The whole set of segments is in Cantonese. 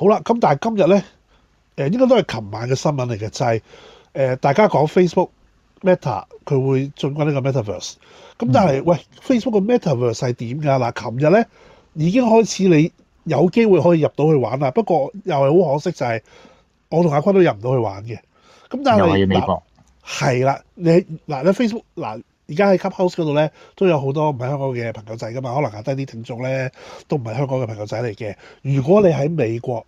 好啦，咁但係今日呢，誒應該都係琴晚嘅新聞嚟嘅，就係誒大家講 Facebook Meta 佢會進軍呢個 Metaverse。咁但係喂，Facebook 嘅 Metaverse 係點㗎？嗱，琴日呢已經開始你有機會可以入到去玩啦。不過又係好可惜，就係我同阿坤都入唔到去玩嘅。咁但係，係啦，你嗱咧 Facebook 嗱。而家喺 Clubhouse 嗰度咧，都有好多唔係香港嘅朋友仔噶嘛。可能隔低啲聽眾咧都唔係香港嘅朋友仔嚟嘅。如果你喺美國、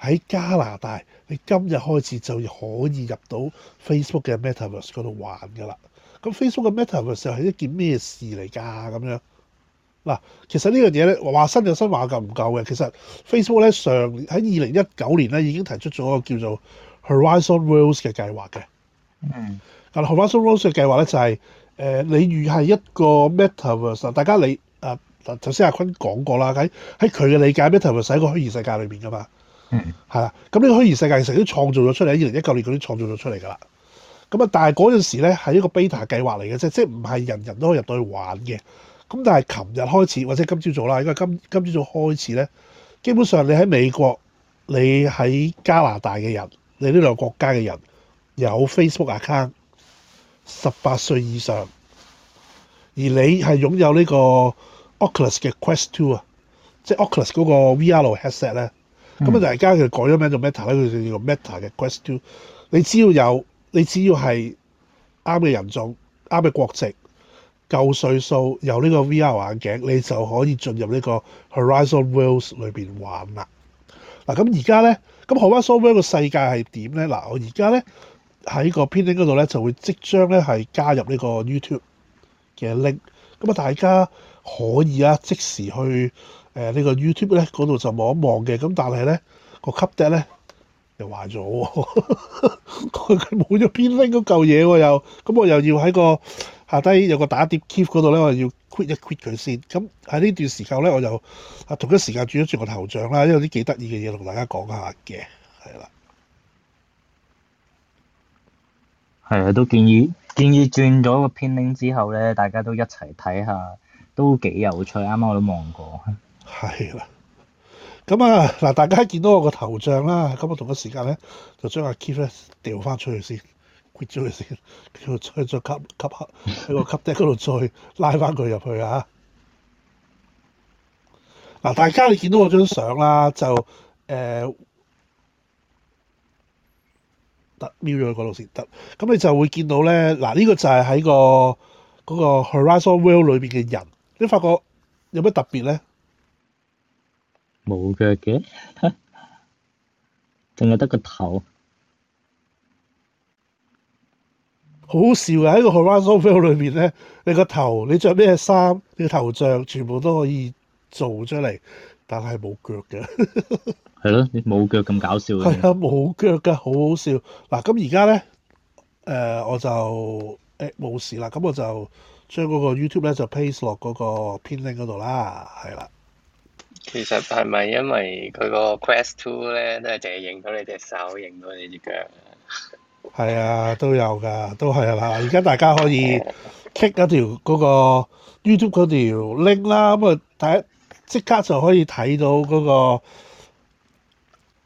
喺加拿大，你今日開始就可以入到 Facebook 嘅 Metaverse 嗰度玩噶啦。咁 Facebook 嘅 Metaverse 又係一件咩事嚟㗎？咁樣嗱，其實呢樣嘢咧話新就新，話夠唔夠嘅。其實 Facebook 咧上喺二零一九年咧已經提出咗一個叫做 Horizon Worlds 嘅計劃嘅。嗯、mm，hmm. 但 Horizon Worlds 嘅計劃咧就係、是。誒，你如係一個 Metaverse，大家你啊，頭先阿坤講過啦，喺喺佢嘅理解，Metaverse 係一個虛擬世界裏面噶嘛，係啦、嗯。咁呢個虛擬世界其實都創造咗出嚟，喺二零一九年嗰啲創造咗出嚟噶啦。咁啊，但係嗰陣時咧係一個 beta 計劃嚟嘅啫，即係唔係人人都可以入到去玩嘅。咁但係琴日開始或者今朝早啦，因為今今朝早開始咧，基本上你喺美國、你喺加拿大嘅人、你呢兩個國家嘅人有 Facebook account，十八歲以上，而你係擁有呢個 Oculus 嘅 Quest Two 啊，即係 Oculus 嗰個 VR headset 咧。咁啊，而家佢改咗名做 Meta 咧？佢就叫做 Meta 嘅 Quest Two。你只要有，你只要係啱嘅人種、啱嘅國籍、夠歲數，有呢個 VR 眼鏡，你就可以進入個裡呢個 Horizon Worlds 裏邊玩啦。嗱，咁而家咧，咁 Horizon Worlds 個世界係點咧？嗱，我而家咧。喺個編拎嗰度咧，就會即將咧係加入呢個 YouTube 嘅 link。咁啊，大家可以啊即時去誒、呃呢個、呢，看看呢、呢個 YouTube 咧嗰度就望一望嘅。咁但係咧個 cut 咧又壞咗喎、啊，佢冇咗編拎嗰嚿嘢喎又。咁我又要喺個下低有個打碟 key 嗰度咧，我要 quit 一 quit 佢先。咁喺呢段時間咧，我就啊同一時間轉一轉個頭像啦，因為有啲幾得意嘅嘢同大家講下嘅，係啦。係啊，都建議建議轉咗個片 link 之後咧，大家都一齊睇下，都幾有趣。啱啱我都望過。係啦。咁啊，嗱，大家見到我個頭像啦，咁我同個時間咧，就將阿 Kiss 咧調翻出去先，quit 咗佢先，跟住再再吸吸黑喺個吸碟嗰度再拉翻佢入去啊。嗱，大家你見到我張相啦，就誒、呃。瞄咗去嗰度先得，咁你就會見到咧。嗱，呢個就係喺、這個嗰、這個、Horizon Worlds 裏邊嘅人。你發覺有咩特別咧？冇腳嘅，淨係得個頭。好笑嘅喺個 Horizon Worlds 裏面咧，你個頭，你着咩衫，你個頭像全部都可以做出嚟，但係冇腳嘅。 係咯，你冇腳咁搞笑嘅。係啊、哎，冇腳嘅，好好笑。嗱，咁而家咧，誒我就誒冇、欸、事啦。咁我就將嗰個 YouTube 咧就 paste 落嗰個 pin link 嗰度啦。係啦。其實係咪因為佢個 Quest Two 咧，都係淨係影到你隻手，影到你隻腳？係啊， 都有㗎，都係啊。而家大家可以 click 嗰條嗰 YouTube 嗰條 link 啦，咁啊，睇即刻就可以睇到嗰、嗰個。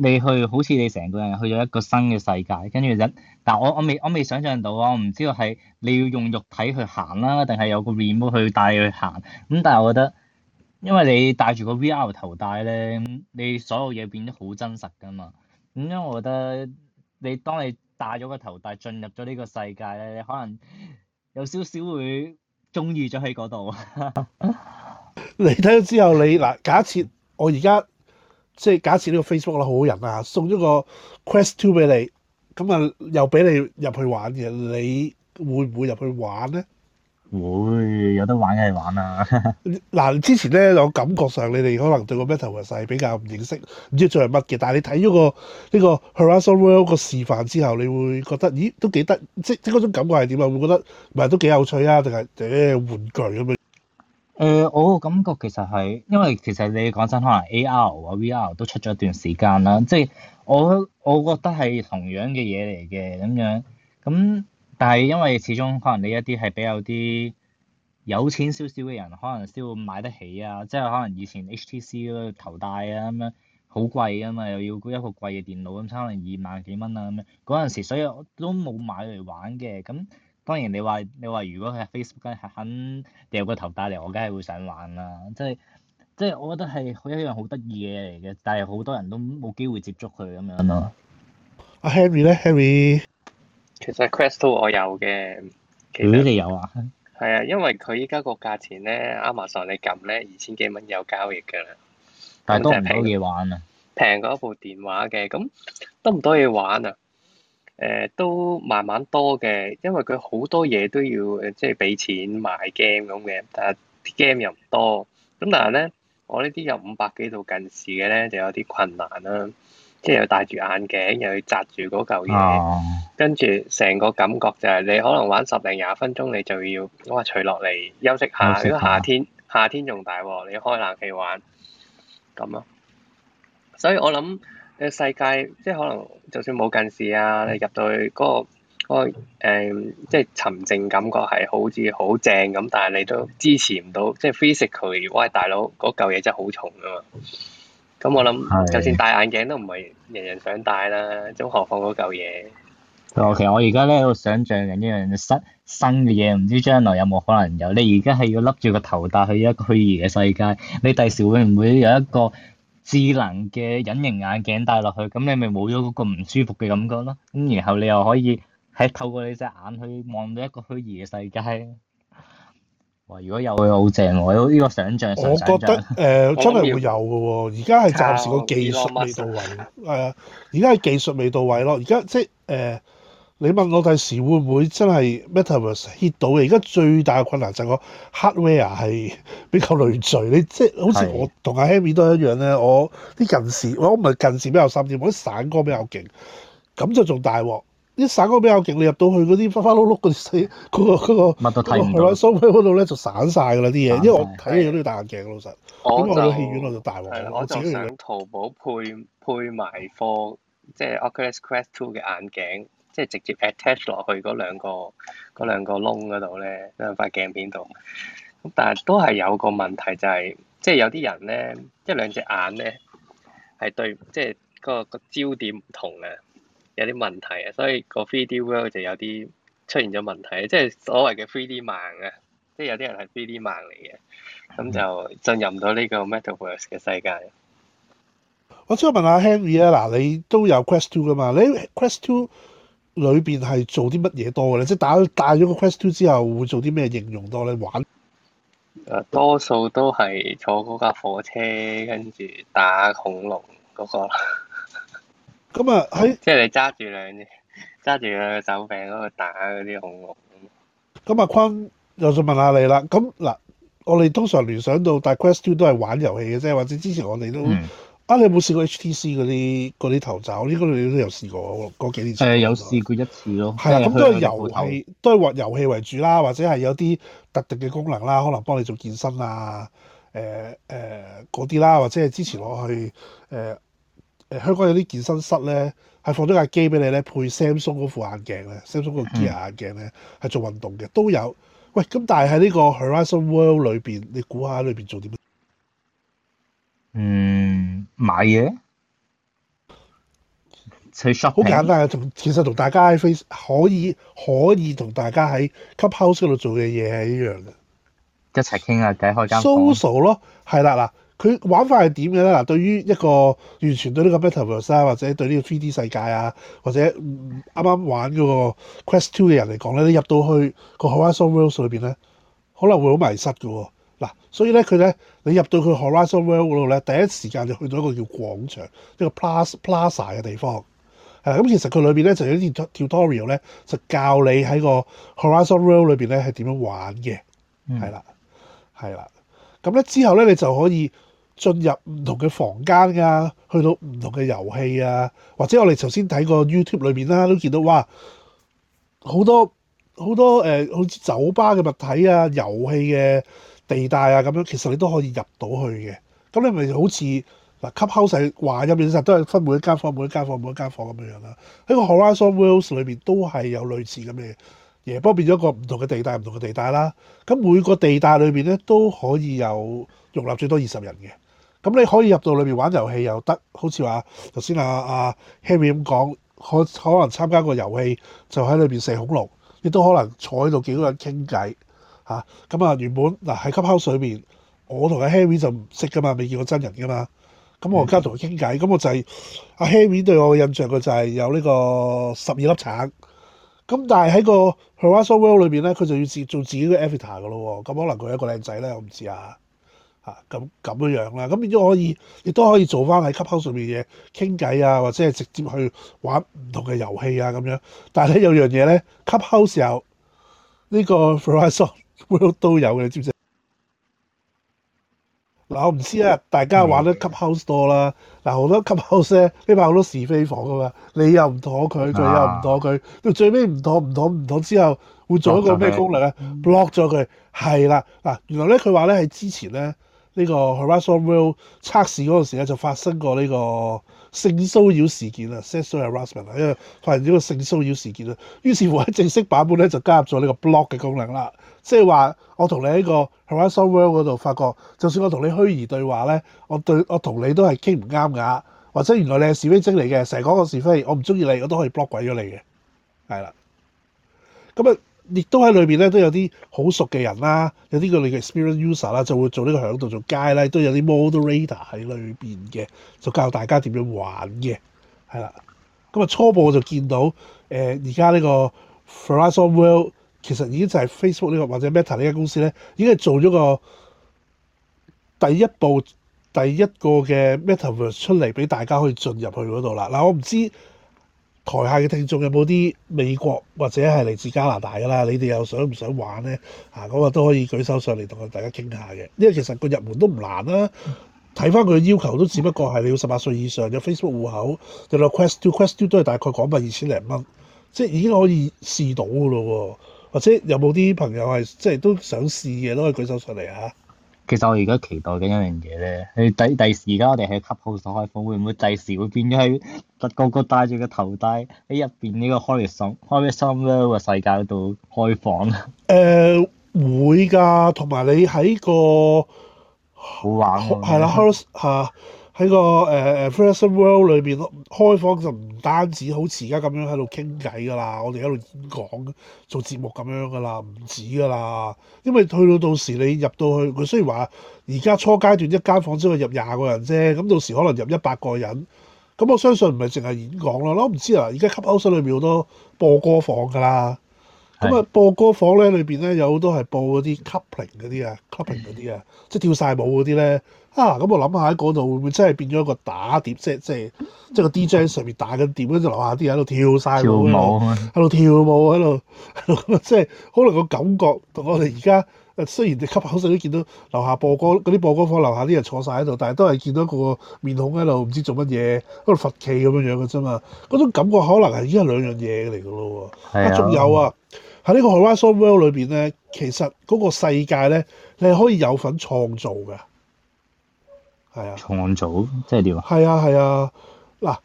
你去好似你成個人去咗一個新嘅世界，跟住一，但我我未我未想象到啊！我唔知道係你要用肉體去行啦、啊，定係有個面 e 去帶去行。咁但係我覺得，因為你戴住個 VR 頭戴咧，你所有嘢變得好真實噶嘛。咁因為我覺得你，你當你戴咗個頭戴進入咗呢個世界咧，你可能有少少會中意咗喺嗰度。 你睇咗之後你，你、啊、嗱假設我而家。即係假設呢個 Facebook 啦，好好人啊，送咗個 Quest Two 俾你，咁啊又俾你入去玩嘅，你會唔會入去玩咧？會有得玩，梗係玩啦。嗱，之前咧我感覺上你哋可能對個 Metaverse 比較唔認識，唔知做係乜嘅。但係你睇咗個呢個 Horizon World 個示範之後，你會覺得咦，都幾得，即係即係嗰種感覺係點啊？會覺得唔係都幾有趣啊，定係誒玩具咁樣？誒、呃、我感覺其實係，因為其實你講真，可能 A R 啊 V R 都出咗一段時間啦，即係我我覺得係同樣嘅嘢嚟嘅咁樣，咁但係因為始終可能你一啲係比較啲有錢少少嘅人，可能先會買得起啊，即係可能以前 H T C 嗰頭戴啊咁樣好貴啊嘛，又要一個貴嘅電腦咁差，可能二萬幾蚊啊咁樣，嗰陣時所以我都冇買嚟玩嘅咁。當然你話你話如果佢喺 Facebook 梗係肯掉個頭帶嚟，我梗係會想玩啦，即係即係我覺得係好一樣好得意嘅嘢嚟嘅，但係好多人都冇機會接觸佢咁樣咯。阿 Henry 咧，Henry，其實 Quest 2我有嘅，其實你有啊？係啊，因為佢依家個價錢咧，Amazon 上你撳咧二千幾蚊有交易嘅，但係多唔多嘢玩啊？平過，平過一部電話嘅，咁多唔多嘢玩啊？誒、呃、都慢慢多嘅，因為佢好多嘢都要即係俾錢買 game 咁嘅，但係 game 又唔多。咁但係咧，我呢啲有五百幾度近視嘅咧，就有啲困難啦、啊。即係又戴住眼鏡，又要揸住嗰嚿嘢，oh. 跟住成個感覺就係你可能玩十零廿分鐘，你就要我話除落嚟休息下。息下。如果夏天夏天仲大喎，你開冷氣玩咁咯、啊。所以我諗。你世界即係可能就算冇近視啊，你入到去嗰個、嗰個、呃、即係沉靜感覺係好似好正咁，但係你都支持唔到，即係 physical，哇！大佬嗰嚿嘢真係好重啊嘛！咁我諗，就算戴眼鏡都唔係人人想戴啦，咁何況嗰嚿嘢。哦，其實我而家咧喺度想像緊一樣新新嘅嘢，唔知將來有冇可能有？你而家係要笠住個頭戴去一個虛擬嘅世界，你第時會唔會有一個？智能嘅隱形眼鏡戴落去，咁你咪冇咗嗰個唔舒服嘅感覺咯。咁然後你又可以喺透過你隻眼去望到一個虛擬嘅世界。哇！如果有佢好正喎，我有呢個想象成。我覺得誒，真、呃、係會有嘅喎。而家係暫時個技術未到位，係啊，而家係技術未到位咯。而家即係誒。呃你問我第時會唔會真係 Metaverse hit 到嘅？而家最大嘅困難就係我 hardware 係比較累贅。你即係好似我同阿 Henry 都係一樣咧的，我啲近視，我唔係近視比較深啲，我啲散光比較勁，咁就仲大鑊。啲散光比較勁，你入到去嗰啲花花碌碌嗰啲，嗰個嗰個乜都睇唔到。所以嗰度咧就散晒㗎啦啲嘢，因為我睇戲都要戴眼鏡。老實，咁的我喺戲院我就大鑊。我自己想淘寶配配埋貨，即係 Oculus Quest Two 嘅眼鏡。即係直接 attach 落去嗰兩個嗰兩個窿嗰度咧，兩呢塊鏡片度。咁但係都係有個問題，就係即係有啲人咧，即係兩隻眼咧係對，即係嗰、嗰個個焦點唔同啊，有啲問題啊，所以個 three D world 就有啲出現咗問題，即係所謂嘅 three D 盲啊，即係有啲人係 three D 盲嚟嘅，咁就進入唔到呢個 metaverse 嘅世界。我想問下 Henry 啊，嗱，你都有 Quest Two 㗎嘛？你 Quest Two？裏邊係做啲乜嘢多嘅咧？即係打咗咗個 Quest 2之後，會做啲咩形容多咧？玩，誒多數都係坐嗰架火車，跟住打恐龍嗰、那個。咁、 嗯、啊，喺即係你揸住兩揸住兩個手柄嗰度打嗰啲恐龍。咁阿坤又想問下你啦。咁、嗯、嗱，我哋通常聯想到帶 Quest 2都係玩遊戲嘅啫，或者之前我哋都。啊！你有冇試過 HTC 嗰啲嗰啲頭罩？應該你都有試過嗰幾年前。誒、啊，有試過一次咯。係咁、啊、都係遊係都係玩遊戲為主啦，或者係有啲特定嘅功能啦，可能幫你做健身啊、誒誒嗰啲啦，或者係之前我去誒誒、呃、香港有啲健身室咧，係放咗架機俾你咧，配 Samsung 嗰副眼鏡咧，Samsung 嗰個 Gear 眼鏡咧係做運動嘅都有。喂，咁但係喺呢個 Horizon World 裏邊，你估下裏邊做啲乜？嗯，買嘢去 shopping ? s 好簡單，同其實同大家喺 face 可以可以同大家喺 cut house 嗰度做嘅嘢係一樣嘅，一齊傾下偈開間 social 咯，係啦。嗱，佢玩法係點嘅咧？嗱，對於一個完全對呢個 b e t t e r v e r s 啊，或者對呢個 3D 世界啊，或者啱啱，嗯、玩嗰個 quest two 嘅人嚟講咧，你入到去個海外 soft worlds 裏邊咧，可能會好迷失嘅。所以咧，佢咧，你入到去 Horizon World 嗰度咧，第一時間就去到一個叫廣場，一個 Plas Plaza 嘅地方。係咁，其實佢裏邊咧就有啲 tutorial 咧，就教你喺個 Horizon World 裏邊咧係點樣玩嘅，係啦、嗯，係啦。咁咧之後咧，你就可以進入唔同嘅房間啊，去到唔同嘅遊戲啊，或者我哋頭先睇過 YouTube 裏邊啦，都見到哇好多好多誒、呃，好似酒吧嘅物體啊，遊戲嘅地帶啊，咁樣其實你都可以入到去嘅。咁你咪好似嗱，Clubhouse 入面其實都係分每一間房、每一間房、每一間房咁樣樣啦。喺個 Horizon Worlds 裏面都係有類似咁嘅嘢，不過變咗個唔同嘅地帶、唔同嘅地帶啦。咁每個地帶裏面咧都可以有容納最多二十人嘅。咁你可以入到裏面玩遊戲又得，好似話頭先阿阿 Henry 咁講，可可能參加個遊戲就喺裏邊射恐龍，亦都可能坐喺度幾個人傾偈。嚇咁啊！原本嗱喺 Clubhouse 裏面，我同阿 Henry 就唔識噶嘛，未見過真人噶嘛。咁我而家同佢傾偈，咁、嗯、我就係阿 Henry 對我嘅印象，佢就係有呢個十二粒橙。咁但係喺個 Horizon World 裏邊咧，佢就要自做自己嘅 Avatar 噶咯、啊。咁可能佢係一個靚仔咧，我唔知啊。嚇咁咁樣、啊、樣啦。咁變咗可以，亦都可以做翻喺 Clubhouse 裏面嘢傾偈啊，或者係直接去玩唔同嘅遊戲啊咁樣。但係咧有樣嘢咧 Clubhouse 時候呢個 Horizon。都都有嘅，你知唔知？嗱、嗯，我唔知啊。大家玩得 Clubhouse 多啦。嗱、嗯，好多 Clubhouse 咧，呢排好多是非房噶嘛。你又唔妥佢，佢又唔妥佢，啊、到最尾唔妥唔妥唔妥之後，會做一個咩功能咧、嗯嗯？block 咗佢。係啦，嗱，原來咧佢話咧喺之前咧呢、呢個 Horizon World 測試嗰陣時咧就發生過呢、呢個。性騷擾事件啊 sexual harassment 啊，因誒，發生咗個性騷擾事件啊，於是乎喺正式版本咧就加入咗呢個 block 嘅功能啦，即係話我同你喺個 Horizon World 嗰度發覺，就算我同你虛擬對話咧，我對我同你都係傾唔啱噶，或者原來你係是非精嚟嘅，成日講我是非，我唔中意你，我都可以 block 鬼咗你嘅，係啦，咁啊～亦都喺裏邊咧都有啲好熟嘅人啦，有啲叫你嘅 experience user 啦，就會做呢個喺度做街啦，都有啲 moderator 喺裏邊嘅，就教大家點樣玩嘅，係啦。咁、嗯、啊初步我就見到誒而家呢個 Horizon World 其實已經就係 Facebook 呢、這個或者 Meta 呢間公司咧已經係做咗個第一步第一個嘅 metaverse 出嚟俾大家去進入去嗰度啦。嗱、嗯、我唔知。台下嘅聽眾有冇啲美國或者係嚟自加拿大嘅啦？你哋又想唔想玩咧？啊，咁啊都可以舉手上嚟同大家傾下嘅。因為其實個入門都唔難啦、啊，睇翻佢要求都只不過係你要十八歲以上，有 Facebook 戶口，有個 Quest Two Quest Two 都係大概港幣二千零蚊，即係已經可以試到嘅咯喎。或者有冇啲朋友係即係都想試嘅都可以舉手上嚟嚇。啊其實我而家期待緊一樣嘢咧，佢第第時而家我哋喺 Clubhouse 開房，會唔會第時會變咗喺個個戴住個頭戴，喺入邊呢個 Horizon、Horizon World 嘅世界度開房？咧？誒，會㗎，同埋你喺、個好玩，係啦，house 嚇。喺個誒誒、呃呃、Horizon Worlds 裏邊咯，開房就唔單止好似而家咁樣喺度傾偈㗎啦，我哋喺度演講做節目咁樣㗎啦，唔止㗎啦。因為去到到時你入到去，佢雖然話而家初階段一間房只可以入廿個人啫，咁到時可能入一百個人。咁我相信唔係淨係演講咯，我唔知啊。而家 Clubhouse 裏面好多播歌房㗎啦。咁啊，播歌房咧，裏邊咧有好多係播嗰啲 clubbing 嗰啲啊，clubbing 嗰啲啊，啊 即係跳晒舞嗰啲咧。啊，咁我諗下喺嗰度會唔會真係變咗一個打碟，即係即係即係個 DJ 上面打緊碟，跟住樓下啲人喺度跳晒舞，喺度跳舞，喺度、啊，即係、就是、可能個感覺同我哋而家。誒，雖然你吸口水都見到樓下播歌嗰啲播歌房，樓下啲人坐晒喺度，但係都係見到個面孔喺度，唔知做乜嘢，喺度佛黴咁樣樣嘅啫嘛。嗰種感覺可能已經係兩樣嘢嚟㗎咯。係啊，仲有啊，喺呢個《Horizon Worlds》裏邊咧，其實嗰個世界咧，你係可以有份創造嘅。係啊，創造即係點啊？係啊，係啊。嗱，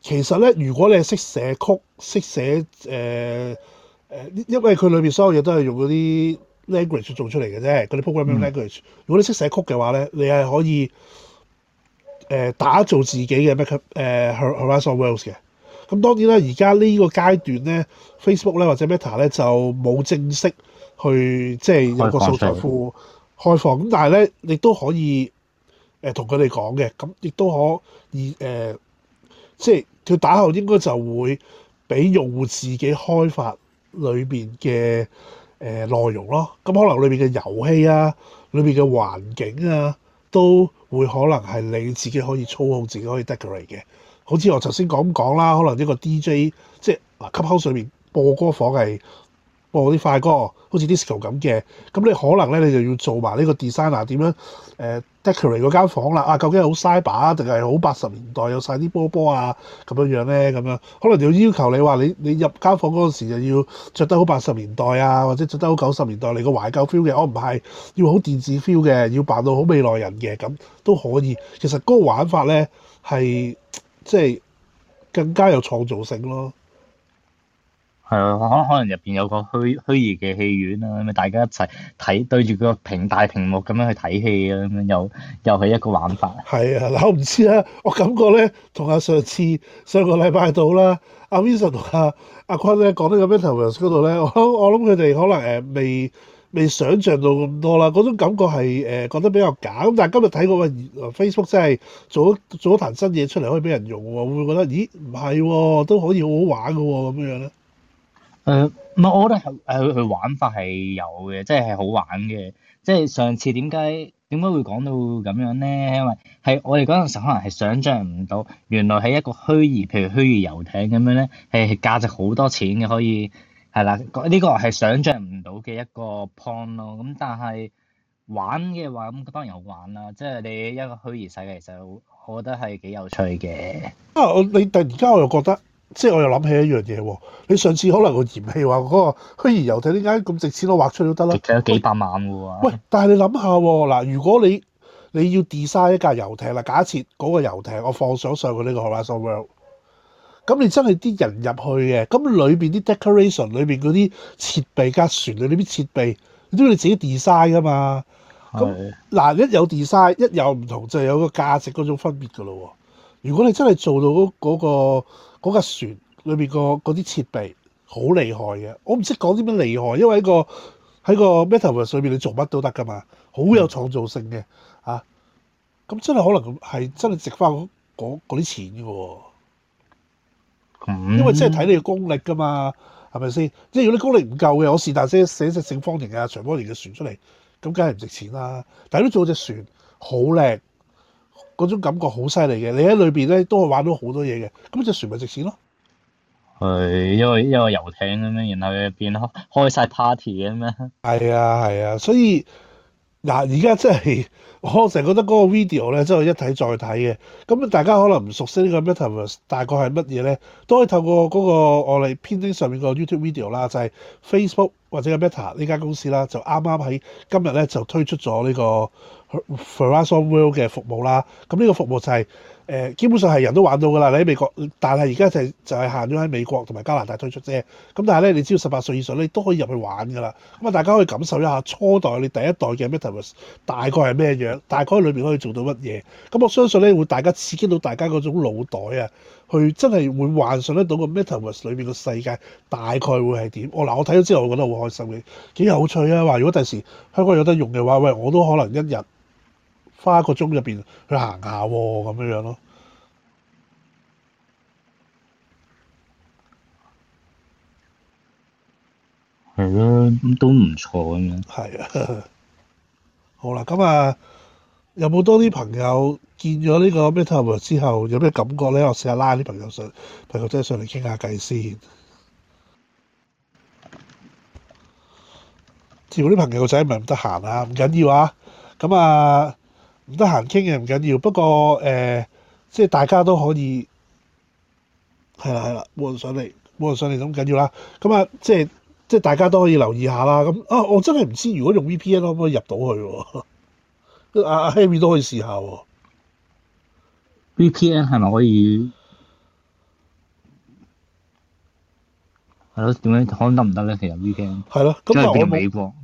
其實咧，如果你係識寫曲、識寫誒誒、呃呃，因為佢裏邊所有嘢都係用嗰啲。language 做出嚟嘅啫，嗰啲 programming language。嗯、如果你識寫曲嘅話咧，你係可以誒、呃、打造自己嘅 macup Horizon Worlds 嘅。咁當然啦，而家呢個階段咧，Facebook 咧或者 Meta 咧就冇正式去即係有個素材庫開放。咁但係咧，亦、呃、都可以誒同佢哋講嘅，咁亦都可以誒，即係佢打後應該就會俾用戶自己開發裏邊嘅。誒、呃、內容咯，咁可能裏面嘅遊戲啊，裏面嘅環境啊，都會可能係你自己可以操控，自己可以 decorate 嘅。好似我頭先講講啦，可能呢個 DJ 即係嗱 Clubhouse 上面播歌房係，播啲、哦、快歌、哦，好似 disco 咁嘅，咁你可能咧，你就要做埋呢個 designer 點樣誒、呃、decorate 嗰間房啦？啊，究竟係好 cyber 啊，定係好八十年代有晒啲波波啊咁樣呢樣咧？咁樣可能要要求你話你你入間房嗰陣時就要着得好八十年代啊，或者着得好九十年代你個懷舊 feel 嘅，我唔係要好電子 feel 嘅，要扮到好未來人嘅，咁都可以。其實嗰個玩法咧係即係更加有創造性咯。可可能入邊有個虛虛擬嘅戲院啊，咁大家一齊睇對住個屏大屏幕咁樣去睇戲啊，咁樣又又係一個玩法。係啊，嗱我唔知啊，我感覺咧同阿上次上個禮拜到啦，Vincent 阿 Vincent 同阿阿坤咧講呢個 MetaVerse 嗰度咧，我我諗佢哋可能誒未未想像到咁多啦，嗰種感覺係誒覺得比較假。但係今日睇嗰個 Facebook 真係做咗做咗啲新嘢出嚟可以俾人用喎，會唔會覺得咦唔係喎都可以好好玩嘅喎咁樣咧？誒，唔係、嗯，我覺得係誒，佢玩法係有嘅，即係係好玩嘅。即係上次點解點解會講到咁樣咧？因為係我哋嗰陣時可能係想象唔到，原來係一個虛擬，譬如虛擬遊艇咁樣咧，係價值好多錢嘅，可以係啦。呢、這個係想象唔到嘅一個 point 咯。咁但係玩嘅話，咁當然好玩啦、啊。即係你一個虛擬世界，其實我覺得係幾有趣嘅。啊！我你突然間我又覺得。即係我又諗起一樣嘢喎。你上次可能個嫌棄話嗰個虛擬遊艇點解咁值錢？我畫出都、啊、得啦，值幾百萬喎、啊。喂，但係你諗下嗱，如果你你要 design 一架遊艇啦，假設嗰個遊艇我放上去上去呢個《Horizon World》，咁你真係啲人入去嘅，咁裏邊啲 decoration、裏邊嗰啲設備、架船裏、呢啲設備，你都要你自己 design 噶嘛？咁嗱的，一有 design，一有唔同就係有個價值嗰種分別㗎啦、啊。如果你真係做到嗰、那、嗰個。嗰架船裏面個啲設備好厲害嘅，我唔識講啲咩厲害，因為喺個喺個 metaverse 上面你做乜都得噶嘛，好有創造性嘅嚇。咁、嗯啊、真係可能係真係值翻嗰啲錢嘅喎、嗯，因為真係睇你嘅功力噶嘛，係咪先？即係如果你功力唔夠嘅，我是但寫一寫隻正方形啊長方形嘅船出嚟，咁梗係唔值錢啦、啊。但係都做隻船好靚。嗰種感覺好犀利嘅，你喺裏邊咧都會玩到好多嘢嘅，咁就船咪值錢咯。係，因為因為遊艇咁樣，然後入邊咯，開曬 party 咁樣。係啊，係啊，所以。嗱，而家真係我成日覺得嗰個 video 咧真係一睇再睇嘅。咁大家可能唔熟悉呢個 Meta，大概係乜嘢咧？都可以透過嗰個我哋編輯上面個 YouTube video 啦，就係 Facebook 或者個 Meta 呢間公司啦，就啱啱喺今日咧就推出咗呢個 Horizon World 嘅服務啦。咁呢個服務就係、是、～誒、呃、基本上係人都玩到㗎啦，你喺美國，但係而家就就係行咗喺美國同埋加拿大推出啫。咁但係咧，你只要十八歲以上你都可以入去玩㗎啦。咁啊，大家可以感受一下初代你第一代嘅 Metaverse 大概係咩樣，大概裏面可以做到乜嘢。咁我相信咧會大家刺激到大家嗰種腦袋啊，去真係會幻想得到個 Metaverse 裏邊嘅世界大概會係點。我嗱我睇咗之後，我覺得好開心嘅，幾有趣啊！話如果第時香港有得用嘅話，喂，我都可能一日，花一個鐘入邊去行下喎，咁樣樣咯。係咯，都唔錯咁樣。係啊。好啦，咁啊，有冇多啲朋友見咗呢個 Meta Tower 之後有咩感覺咧？我試下拉啲朋友上朋友仔上嚟傾下偈先。如果啲朋友仔唔係咁得閒啊，唔緊要啊，咁啊～唔得閒傾嘅唔緊要，不過誒、呃，即係大家都可以係啦，啦係啦，冇人上嚟冇人上嚟咁緊要啦。咁啊，即係即係大家都可以留意下啦。咁、嗯、啊，我真係唔知如果用 VPN 可唔可以入到去喎、啊？阿阿 Amy 都可以試下喎、啊。VPN 係咪可以係咯？點樣、嗯、可能得唔得咧？其實 VPN 係咯，咁、嗯、啊變美國，嗯、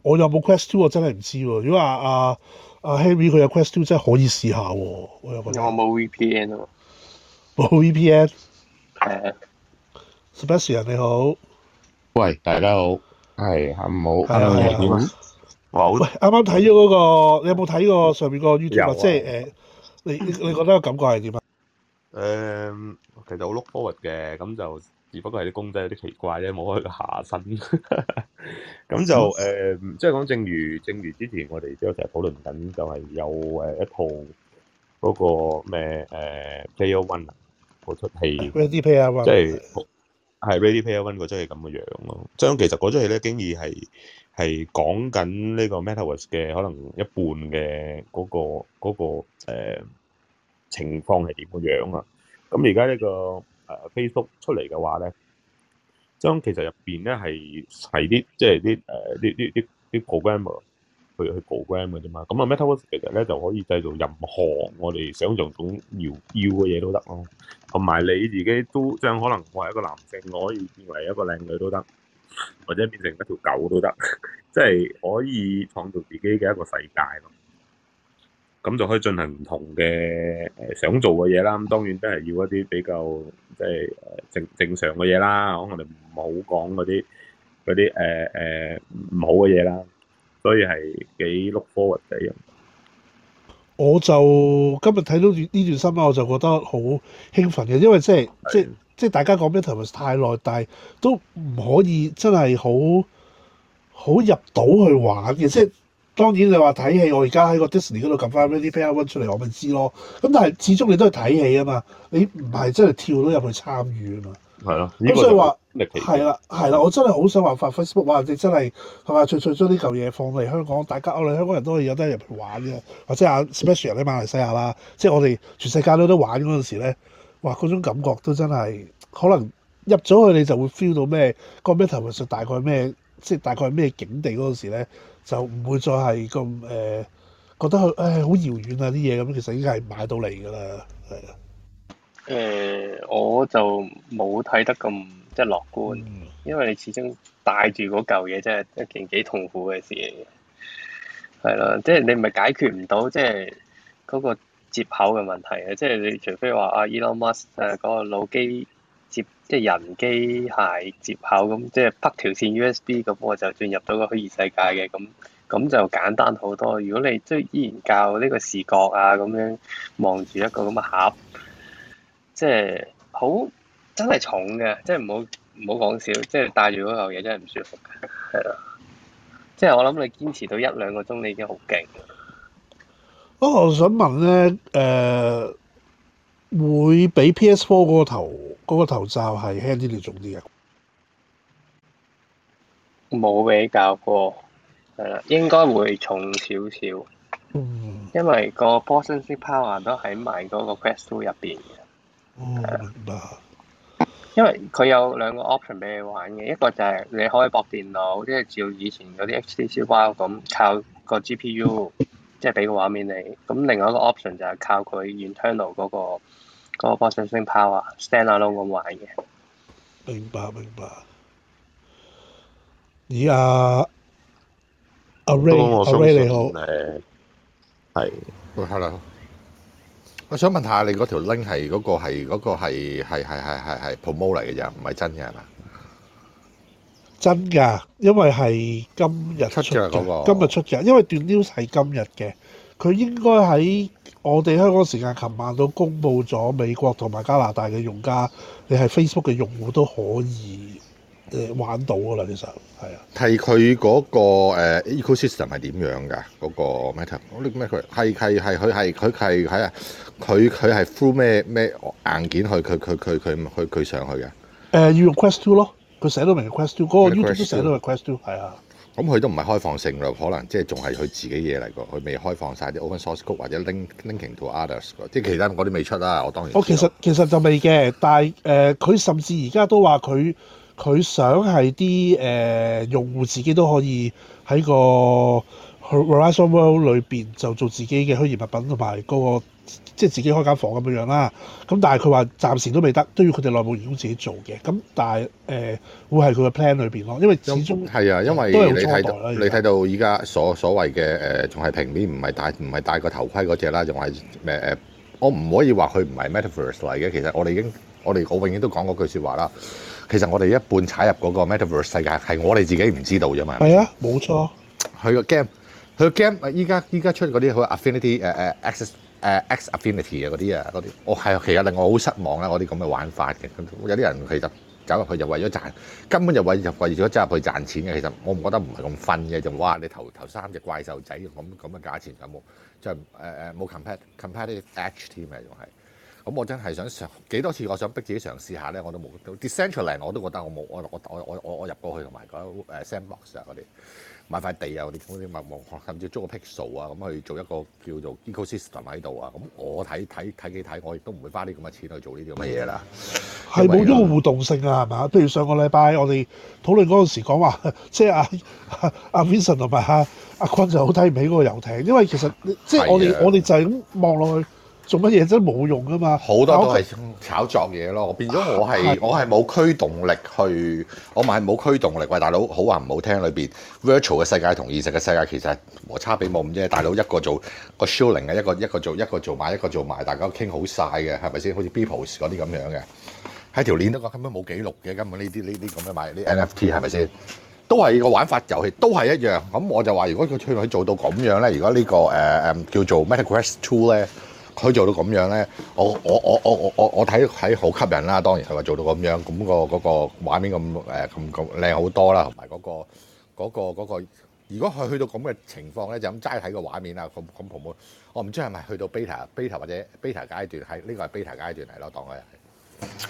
我，有我有冇 Quest Two，我真係唔知喎、啊。如果話、啊、阿、啊阿 Henry 佢有 Quest Two 真係可以試下喎，我有冇 VPN 啊？冇沒 VPN。係。Special 人你好。喂，大家好。係阿冇。係啊。好。喂，啱啱睇咗嗰個，你有冇睇過上面個 YouTube？即、啊、係誒、啊就是呃，你你覺得個感覺係點啊？誒，uh, 其實我 look forward 嘅，咁就。只不過係啲公仔有啲奇怪咧，冇開個下身，咁 就誒，即係講正如正如之前我哋都有成日討論緊，就係有誒一套嗰、那個咩誒《呃、Player One》嗰出戲，Ready 就是《Ready Player One 樣樣》的，即係係《Ready Player One》個即係咁嘅樣咯。將其實嗰出戲咧，經已係係講緊呢個《Metaverse》嘅可能一半嘅嗰、那個嗰、那個那個呃、情況係點嘅樣啊！咁而家呢個誒 Facebook 出嚟嘅話咧，將其實入邊咧係係啲即係啲誒啲啲啲 programmer 去去 program 嘅啫嘛。咁啊，Metaverse 其實咧就可以製造任何我哋想像中要要嘅嘢都得咯。同埋你自己都將可能我係一個男性，我可以變為一個靚女都得，或者變成一條狗都得，即 係可以創造自己嘅一個世界咯。咁就可以進行唔同嘅誒想做嘅嘢啦。咁當然都係要一啲比較即係正正常嘅嘢啦。我哋唔好講嗰啲啲誒誒唔好嘅嘢啦。所以係幾 look forward 啲。我就今日睇到呢段新聞，我就覺得好興奮嘅，因為即係即係即係大家講 platform 太耐，但係都唔可以真係好好入到去玩嘅，即係。當然你話睇戲，我而家喺個 Disney 嗰度撳翻《m i c y m o u s One》出 嚟樂，我咪知咯。咁但係始終你都係睇戲啊嘛，你唔係真係跳到入去參與啊嘛。係咯。咁 所以話係啦，係啦， 我真係好想話發 Facebook 話人真係係咪？除隨將呢嚿嘢放嚟香港，大家我哋香港人都可以有得入去玩嘅，或者啊 Special 喺馬來西亞啦，即係我哋全世界都有得玩嗰陣時咧，哇！嗰種感覺都真係可能入咗去你就會 feel 到咩、那個 Maple 雲上大概咩，即、就、係、是、大概咩、就是、景地嗰陣時咧。就唔會再係咁誒，覺得佢好遙遠啊，啲嘢咁，其實已經係買到嚟噶啦，係啊。誒、呃，我就冇睇得咁即係樂觀，嗯、因為你始終帶住嗰嚿嘢，真係一件幾痛苦嘅事嚟嘅。係啦，即係你唔係解決唔到，即係嗰個接口嘅問題啊，即係你除非話啊，Elon Musk 誒嗰個腦機。接即係人機械接口咁，即係噏條線 USB 咁，我就進入到個虛擬世界嘅咁，咁就簡單好多。如果你即係依然教呢個視覺啊咁樣望住一個咁嘅盒，即係好真係重嘅，即係唔好唔好講笑，即係戴住嗰嚿嘢真係唔舒服嘅，係啦。即係我諗你堅持到一兩個鐘，你已經好勁。我想問咧，誒、呃？會比 PS Four 嗰個頭嗰、那個、罩係輕啲定重啲啊？冇比較過，係啦，應該會重少少。嗯。因為個 Processing Power 都喺埋嗰個 Quest 2入邊嘅。哦。的白因為佢有兩個 option 俾你玩嘅，一個就係你可以駁電腦，即、就、係、是、照以前有啲 HTC Wild 咁靠個 GPU，即係俾個畫面你。咁另外一個 option 就係靠佢 internal 嗰、那個，嗰個 possessing power stand-alone 咁壞嘅，明白明白。而阿阿 Ray 阿 Ray 你好，係係 hello。我想問下你嗰條 link 係嗰個係嗰個係係係係係 promote 嚟嘅啫，唔係真嘅係嘛？真㗎，因為係今日出嘅嗰個，今日出嘅，因為段 news 係今日嘅。佢應該喺我哋香港時間琴晚都公布咗美國同埋加拿大嘅用家，你係 Facebook 嘅用戶都可以誒玩到噶啦，其實係啊。係佢嗰個 ecosystem 係點樣㗎？嗰個 Meta，我哋咩佢係係係佢係佢係係啊！佢佢係 through 咩咩硬件去佢佢佢佢去佢上去嘅、呃？誒要用 Quest Two 咯，佢寫到明嘅 Quest Two，嗰個 YouTube 寫到係 Quest Two 係啊。嗯嗯咁佢都唔係開放性㗎，可能即係仲係佢自己嘢嚟個，佢未開放晒啲 open source code 或者 linking to others，即係其他嗰啲未出啦，我當然。我、哦、其實其實就未嘅，但係誒，佢、呃、甚至而家都話佢佢想係啲誒用戶自己都可以喺個。Horizon Worlds 裏邊就做自己嘅虛擬物品同埋嗰個即係自己開間房咁樣樣啦。咁但係佢話暫時都未得，都要佢哋內部員工自己做嘅。咁但係誒會係佢嘅 plan 裏邊咯，因為始終係啊，因為你睇到你睇到依家所所謂嘅誒，仲係平面，唔係戴唔係戴個頭盔嗰隻啦，仲係咩誒？我唔可以話佢唔係 Metaverse 嚟嘅。其實我哋已經我哋好永遠都講嗰句説話啦。其實我哋一半踩入嗰個 Metaverse 世界係我哋自己唔知道啫嘛。係啊，冇錯。佢個 game 佢 game 啊依家依家出嗰啲好 affinity 誒、uh, 誒 x 誒、uh, x affinity 啊嗰啲啊嗰啲，我係、哦、其實令我好失望啦，嗰啲咁嘅玩法嘅，有啲人其實走入去就為咗賺，根本就為入為咗走入去賺錢嘅。其實我唔覺得唔係咁 fun 嘅，就哇你頭頭三隻怪獸仔咁咁嘅價錢就冇就誒誒冇 competitive competitive edge team 啊仲係，咁我真係想嘗幾多次，我想逼自己嘗試下咧，我都冇 Decentraland 我都覺得我冇我我我我我入過去同埋嗰 sandbox 啊嗰啲。買塊地啊，我哋嗰啲物望甚至租個 pixel 啊，咁去做一個叫做 ecosystem 喺度啊，咁我睇睇睇幾睇，我亦都唔會花啲咁嘅錢去做呢啲咁嘅嘢啦。係冇咗個互動性啊，係嘛？譬如上個禮拜我哋討論嗰陣時講話，即係阿阿 Vincent 同埋阿阿坤就好睇唔起嗰個遊艇，因為其實即係、即係、我哋的我哋就係咁望落去。做乜嘢真冇用啊嘛！好多都係炒作嘢咯。啊、變咗我係的我係冇驅動力去，我唔冇驅動力。喂，大佬好話唔好聽，裏邊 virtual 嘅世界同現實嘅世界其實和差別冇咁啫。大佬一個做個 s h o w l i n g 嘅，一個一個做一個做埋一個做埋，大家傾好晒嘅係咪先？好似 Bezos 嗰啲咁樣嘅，喺條鏈得個根本冇記錄嘅。根本呢啲呢啲咁樣買啲 NFT 係咪先？都係個玩法遊戲都係一樣。咁我就話，如果佢佢做到咁樣咧，如果呢、這個誒誒、呃、叫做 MetaQuest Two 咧？佢做到咁樣咧，我我我我我我睇睇好吸引啦。當然係話做到咁樣，咁個嗰個畫面咁誒咁咁靚好多啦，同埋嗰個嗰個嗰個。如果佢去到咁嘅情況咧，就咁齋睇個畫面啊，咁咁 promo 我唔知係咪去到 beta beta 或者 beta 階段，係呢個係 beta 階段嚟咯，我當佢。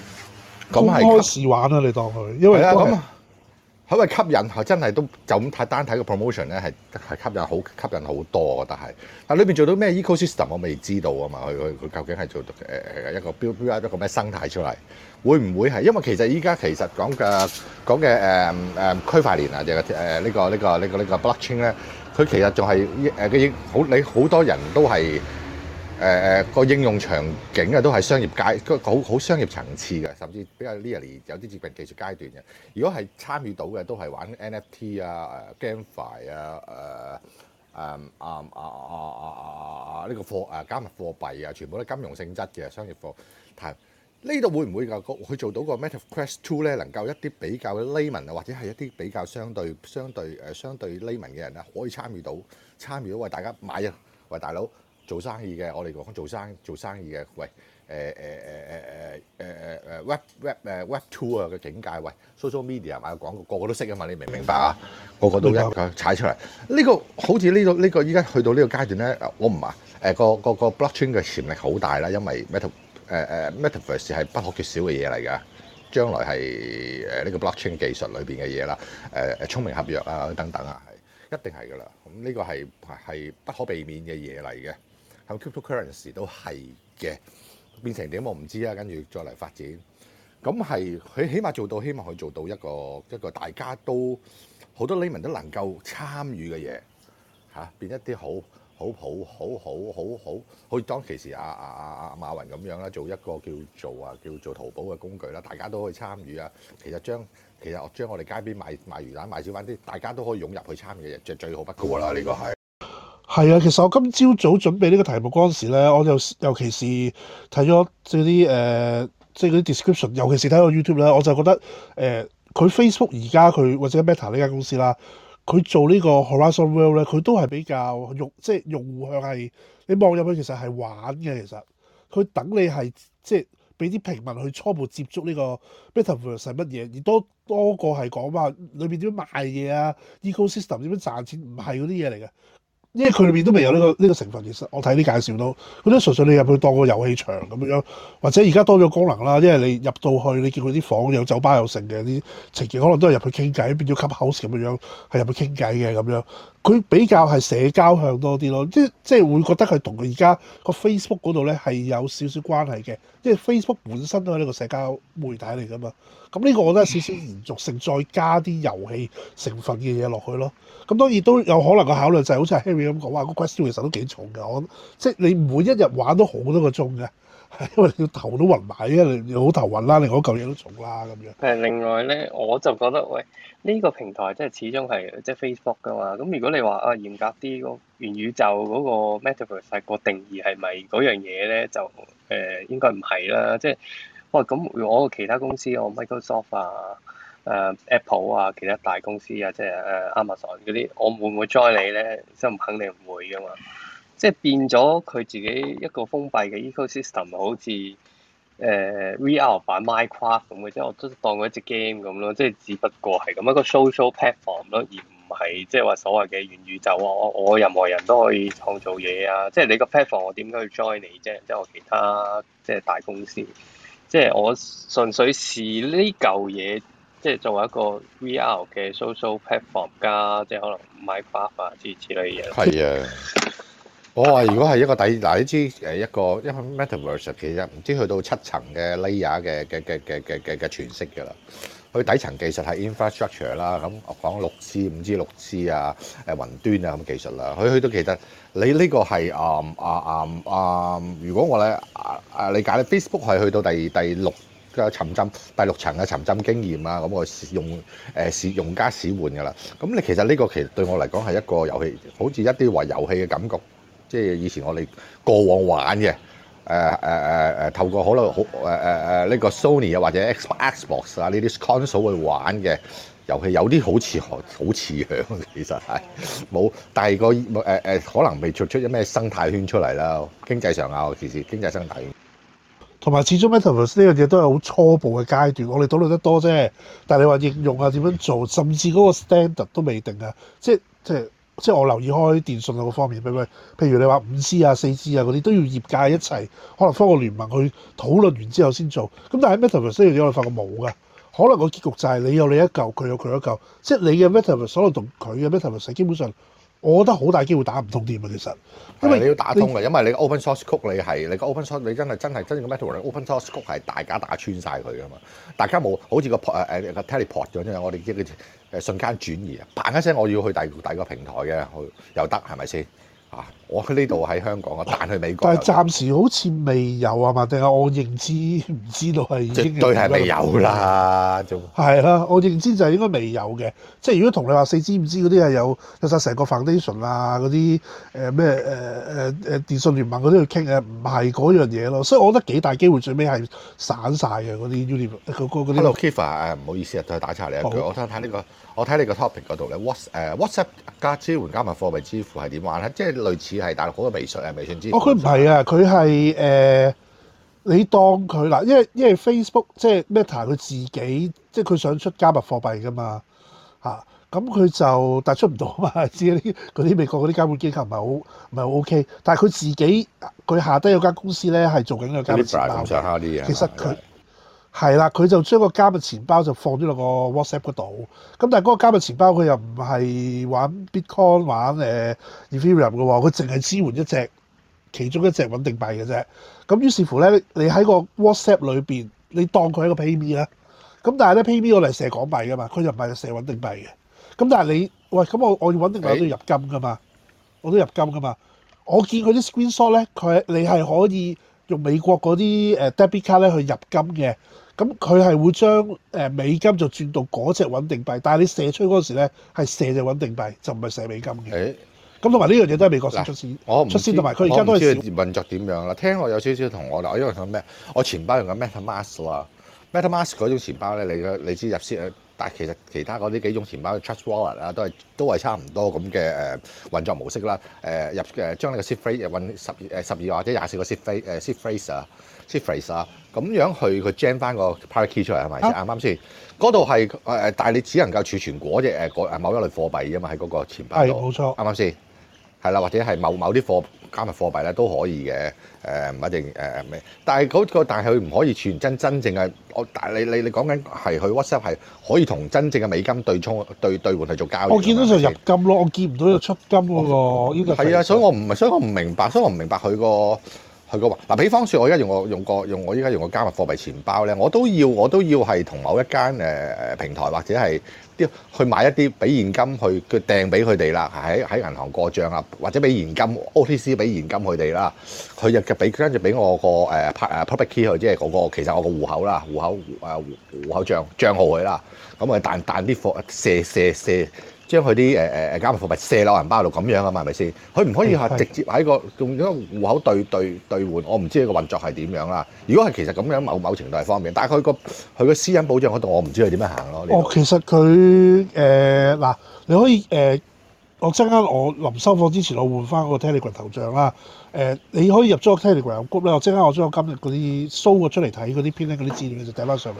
咁公開試玩啦、啊。你當佢，因為。佢咪吸引？係真係都就咁係單睇個 promotion 咧，係係吸引好吸引好多。我覺得係，但裏邊做到咩 ecosystem，我未知道啊嘛。佢佢佢究竟係做誒誒一個 build build 出個咩生態出嚟？會唔會係因為其實依家其實講嘅講嘅誒誒區塊鏈啊，定係呢個呢、呢個呢、呢個呢、呢個 blockchain 咧？佢其實仲係誒嘅好，你、呃、好多人都係。誒誒個應用場景啊，都係商業界，都好好商業層次嘅，甚至比較 nearly 有啲接近技術階段嘅。如果係參與到嘅，都係玩 NFT 啊、誒 GameFi 啊、誒誒啊啊啊啊啊啊！呢個貨誒加密貨幣啊，全部都金融性質嘅商業貨。但呢度會唔會夠高？佢做到個 Meta Quest 2咧，能夠一啲比較 layman 啊，或者係一啲比較相對相對誒相對 layman 嘅人咧，可以參與到參與到喂，大家買啊！喂大佬，做生意嘅，我哋講做生意做生意嘅，喂，誒誒誒誒誒誒誒 web web 誒 web two 啊嘅境界，喂，social media 係嘛，廣告個個都識啊嘛，你明唔明白啊？個個都一踩出嚟，呢、呢個好似呢、呢個呢、呢個依家去到呢個階段咧，我唔啊，誒、呃、個個個 blockchain 嘅潛力好大啦，因為 metal metaverse 係不可缺少嘅嘢嚟噶，將來係誒呢個 blockchain 技術裏邊嘅嘢啦，誒、呃、誒聰明合約啊等等啊，係一定係噶啦，咁呢個係係不可避免嘅嘢嚟嘅。有 cryptocurrency 都係嘅，變成點我唔知啊。跟住再嚟發展，咁係佢起碼做到，希望佢做到一個一個大家都好多 layman 都能夠參與嘅嘢嚇，變一啲好好好好好好好好，好似當其時阿阿阿阿馬雲咁樣啦，做一個叫做啊叫做淘寶嘅工具啦，大家都可以參與啊。其實將其實將我哋街邊賣賣魚蛋賣小販啲，大家都可以湧入去參與嘅，嘢，就最好不過啦。呢個係。係啊，其實我今朝早，早準備呢個題目嗰陣時咧，我就尤其是睇咗即啲誒，即、呃、係啲 description，尤其是睇過 YouTube 咧，我就覺得誒佢、呃、Facebook 而家佢或者 Meta 呢間公司啦，佢做呢個 Horizon World 咧，佢都係比較用即係用向係你望入去其實係玩嘅。其實佢等你係即係俾啲平民去初步接觸呢個 Meta World 係乜嘢，而多多個係講話裏邊點樣賣嘢啊，Ecosystem 點樣賺錢，唔係嗰啲嘢嚟嘅。因為佢裏面都未有呢個呢個成分，其實我睇啲介紹都，嗰啲純粹你入去當個遊戲場咁樣，或者而家多咗功能啦，因為你入到去你見佢啲房有酒吧有成嘅啲，情形可能都係入去傾偈，變咗 Clubhouse 咁樣，係入去傾偈嘅咁樣。佢比較係社交向多啲咯，即即係會覺得係同佢而家個 Facebook 嗰度咧係有少少關係嘅，因為 Facebook 本身都係一個社交媒體嚟噶嘛。咁呢個我覺得係少少延續性，再加啲遊戲成分嘅嘢落去咯。咁當然都有可能嘅考慮就係好似 Henry 咁講，話個 Question 其實都幾重㗎，我即係你每一日玩都好多個鐘嘅。因為個頭都暈埋，因為你好頭暈啦，另外嗰嚿嘢都重啦咁樣。誒，另外咧，我就覺得喂，呢、這個平台即係始終係即係、就是、Facebook 㗎嘛。咁如果你話啊嚴格啲，個元宇宙嗰個 Metaverse 定義係咪嗰樣嘢咧？就誒、呃、應該唔係啦。即係哇，咁、啊、我其他公司，我 Microsoft 啊、誒、啊、Apple 啊、其他大公司啊，即、就、係、是、誒 Amazon 嗰啲，我會唔會 join 你咧？即係唔肯定唔會㗎嘛。即係變咗佢自己一個封閉嘅 ecosystem，好似誒、呃、VR 版 Minecraft 咁嘅啫，我都當佢一隻 game 咁咯。即係只不過係咁一個 social platform 咯，而唔係即係話所謂嘅元宇宙啊！我我任何人都可以創造嘢啊！即係你個 platform，我點解要 join 你啫？即係我其他即係大公司，即係我純粹試呢嚿嘢，即係作為一個 VR 嘅 social platform 加，即係可能 Minecraft 之類嘅嘢。係啊。 我話：如果係一個底嗱，你知誒一個，因為 metaverse 其實唔知去到七層嘅 layer 嘅嘅嘅嘅嘅嘅嘅詮釋㗎啦。佢底層技術係 infrastructure 啦，咁我講六 G、五 G、六 G 啊，誒雲端啊咁技術啦。佢去到其實你呢個係啊啊啊啊！如果我咧啊啊理解咧，Facebook 係去到第第六嘅沉浸、第六層嘅沉浸經驗啊，咁我用誒使用家使換㗎啦。咁你其實呢個其實對我嚟講係一個遊戲，好似一啲話遊戲嘅感覺。即係以前我哋過往玩嘅，誒誒誒誒，透過可能好誒誒誒呢個 Sony 啊或者 Xbox 啊呢啲 console 去玩嘅遊戲，有啲好似好似樣，其實係冇，但係、個誒誒、呃、可能未做出咗咩生態圈出嚟啦，經濟上啊，其實經濟生態圈。同埋始終 metaverse 呢樣嘢都係好初步嘅階段，我哋討論得多啫，但係你話應用啊點樣做，甚至嗰個 standard 都未定啊，即係即係。即係我留意開電信啊個方面，譬如你話五 G 啊、四 G 啊嗰啲，都要業界一齊可能科學聯盟去討論完之後先做。咁但係 metaverse 呢樣嘢我發覺冇㗎，可能個結局就係你有你一嚿，佢有佢一嚿，即係你嘅 metaverse 所能同佢嘅 metaverse 基本上，我覺得好大機會打唔通掂啊！其實，因為你要打通㗎，你 因為你個 open source code，你係你個 open source 你真係真係真正嘅 metaverse open source code，係大家打穿晒佢㗎嘛，大家冇好似個 p teleport 咗，因、uh, uh, 咁樣，我哋誒瞬間轉移啊嘭一聲，我要去第第二個平台嘅，去又得，係咪先啊？哦、我呢度喺香港啊，但係美國。但係暫時好似未有啊嘛，定係我認知唔知道係已經。絕對係未有啦，仲。係啦，我認知就應該未有嘅。即係如果同你話四知唔知嗰啲係有，有曬成個 foundation 啊嗰啲誒咩誒誒誒電信聯盟嗰啲去傾誒，唔係嗰樣嘢咯。所以我覺得幾大機會最尾係散晒嘅嗰啲 union 嗰 Kifa 誒，唔好意思啊，再打岔你一句。好我睇睇呢個，我睇你個 topic 嗰度咧，Whats、uh, WhatsApp 加支援加密貨幣支付係點玩咧？即係類似。係大陸好多微信、哦、啊，微信知？哦，佢唔係啊，佢係誒，你當佢嗱，因為因為 Facebook 即係 Meta 佢自己，即係佢想出加密貨幣㗎嘛嚇，咁、啊、佢就但出唔到啊嘛，知嗰啲嗰啲美國嗰啲監管機構唔係好唔係好 OK，但係佢自己佢下低有間公司咧係做緊個加密貨幣。其實佢。嗯嗯嗯嗯嗯嗯係啦，佢就將個加密錢包就放咗落個 WhatsApp 嗰度。咁但係嗰個加密錢包佢又唔係玩 Bitcoin、e um 哦、玩誒 Ethereum 嘅喎，佢淨係支援一隻其中一隻穩定幣嘅啫。咁於是乎咧，你喺個 WhatsApp 裏邊，你當佢係一個 PayMe 啦。咁但係咧，PayMe 我嚟射港幣㗎嘛，佢又唔係射穩定幣嘅。咁但係你，喂，咁我我要穩定幣都要入金㗎嘛，我都入金㗎嘛。我見佢啲 Screenshot 咧，佢你係可以用美國嗰啲誒 debit 卡咧去入金嘅。咁佢係會將誒美金就轉到嗰隻穩定幣，但係你射出去嗰時咧係射隻穩定幣，就唔係射美金嘅。咁同埋呢樣嘢都係美國先出先，我唔出先同埋佢而家都係。我唔知運作點樣啦，聽落有少少同我啦。因為用咩？我錢包用緊 MetaMask 啦，MetaMask 嗰種錢包咧，你你知入先。但係其實其他嗰啲幾種錢包嘅 Trust Wallet 啊，都係都係差唔多咁嘅誒運作模式啦。誒入誒將你個 secret phrase 運十二或者廿四個 secret 誒 secret phrase 啊。啊，咁樣去佢 gen 翻個 private key 出嚟係咪啱啱先？嗰度係誒，但係你只能夠儲存嗰隻誒嗰某一類貨幣啫嘛，喺嗰個錢包度。係，冇錯。啱啱先？係啦，或者係某某啲貨加密貨幣咧都可以嘅。誒、呃、唔一定誒咩、呃呃？但係嗰、那個但係佢唔可以存真真，真，真，真正嘅。我但係你你你，你，你講緊係去 WhatsApp 係可以同真正嘅美金對沖對對換去做交易。我見到就入金咯，我見唔到就出金咯喎。呢個係啊，所以我唔係所以我唔明白，所以我唔明白佢個。佢個嗱，比方說我而家用我用個用我而家用個加密貨幣錢包咧，我都要我都要係同某一間誒誒平台或者係啲去買一啲俾現金去佢掟俾佢哋啦，喺喺銀行過帳啊，或者俾現金，OTC 俾現金佢哋啦，佢就嘅俾跟住俾我個誒拍 public key 即係嗰、嗰個其實我個戶口啦，戶口誒戶口帳賬號佢啦，咁啊彈彈啲貨卸卸卸。將佢啲誒誒誒加密貨幣卸落銀包度咁樣啊嘛，係咪先？佢唔可以係直接喺個用戶口兌兌兌換，我唔知佢個運作係點樣啦。如果係其實咁樣，某某程度係方便，但係佢個佢個私隱保障嗰度，我唔知佢點樣行咯。哦，其實佢誒嗱，你可以誒，我即刻我臨收課之前，我換翻嗰個 Telegram 頭像啦。誒，你可以入咗個 Telegram Group 咧，我即刻我將我今日嗰啲搜過出嚟睇嗰啲片咧嗰啲資料，佢就掟翻上嚟。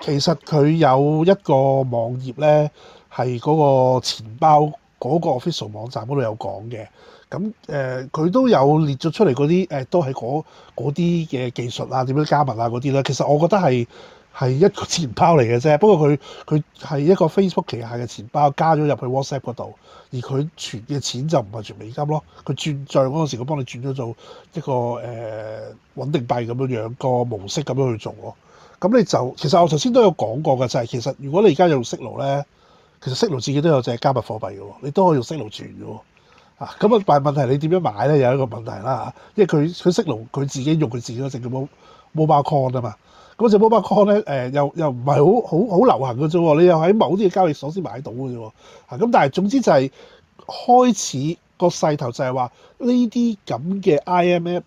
其實佢有一個網頁咧。係嗰個錢包嗰個 official 網站嗰度有講嘅，咁誒佢都有列咗出嚟嗰啲誒，都係嗰啲嘅技術啊，點樣加密啊嗰啲咧。其實我覺得係係一個錢包嚟嘅啫，不過佢佢係一個 Facebook 旗下嘅錢包加咗入去 WhatsApp 嗰度，而佢存嘅錢就唔係存美金咯，佢轉帳嗰陣時佢幫你轉咗做一個誒穩定幣咁樣樣個模式咁樣去做咯。咁你就其實我頭先都有講過嘅，就係其實如果你而家用息奴咧。其實息奴自己都有隻加密貨幣嘅喎，你都可以用息奴存嘅喎，啊咁啊，但、那個、問題你點樣買咧，有一個問題啦，因為佢佢息奴佢自己用佢自己嘅石墨冇 Con 啊嘛，咁石墨霸礦咧誒又又唔係好好好流行嘅啫喎，你又喺某啲嘅交易所先買到嘅啫喎，咁、啊、但係總之就係開始、那個勢頭就係話呢啲咁嘅 IM a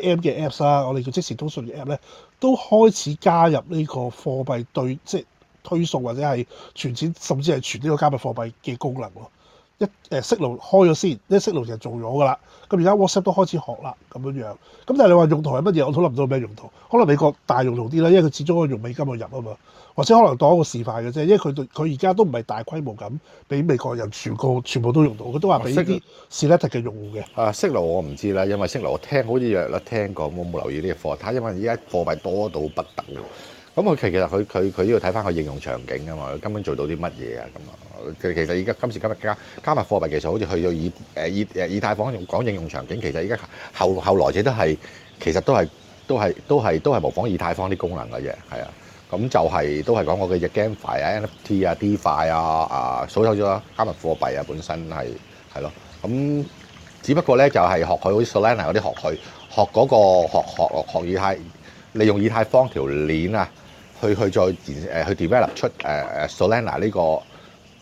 IM 嘅 apps 啦、啊，我哋叫即時通訊 app 咧，都開始加入呢個貨幣對即。推送或者係存錢，甚至係存呢個加密貨幣嘅功能咯。一誒 Signal 開咗先，一 Signal 就做咗噶啦。咁而家 WhatsApp 都開始學啦咁樣樣。咁但係你話用途係乜嘢？我都諗唔到咩用途。可能美國大用途啲啦，因為佢始終可以用美金去入啊嘛。或者可能當一個示範嘅啫，因為佢佢而家都唔係大規模咁俾美國人全個全部都用到。佢都話俾啲 select 嘅用戶嘅。啊，Signal 我唔知啦，因為 Signal 我聽好似有得聽過，我冇留意呢個貨。睇因為而家貨幣多到不得了。咁佢其實佢佢佢都要睇翻佢應用場景啊嘛，根本做到啲乜嘢啊咁啊？其其實而家今時今日加加埋貨幣其術，好似去咗以誒以誒以，以，以太坊講應用場景，其實而家後後來者都係其實都係都係都係都係模仿以太坊啲功能嘅啫，係啊。咁就係都係講我嘅 gamefi 啊、NFT 啊、D 塊啊啊，所有咗加密貨幣啊，本身係係咯。咁只不過咧就係學佢好似 Solana 嗰啲學佢學嗰個學學，學學以太利用以太坊條鏈啊。去去再研去 develop 出誒誒 Solana 呢個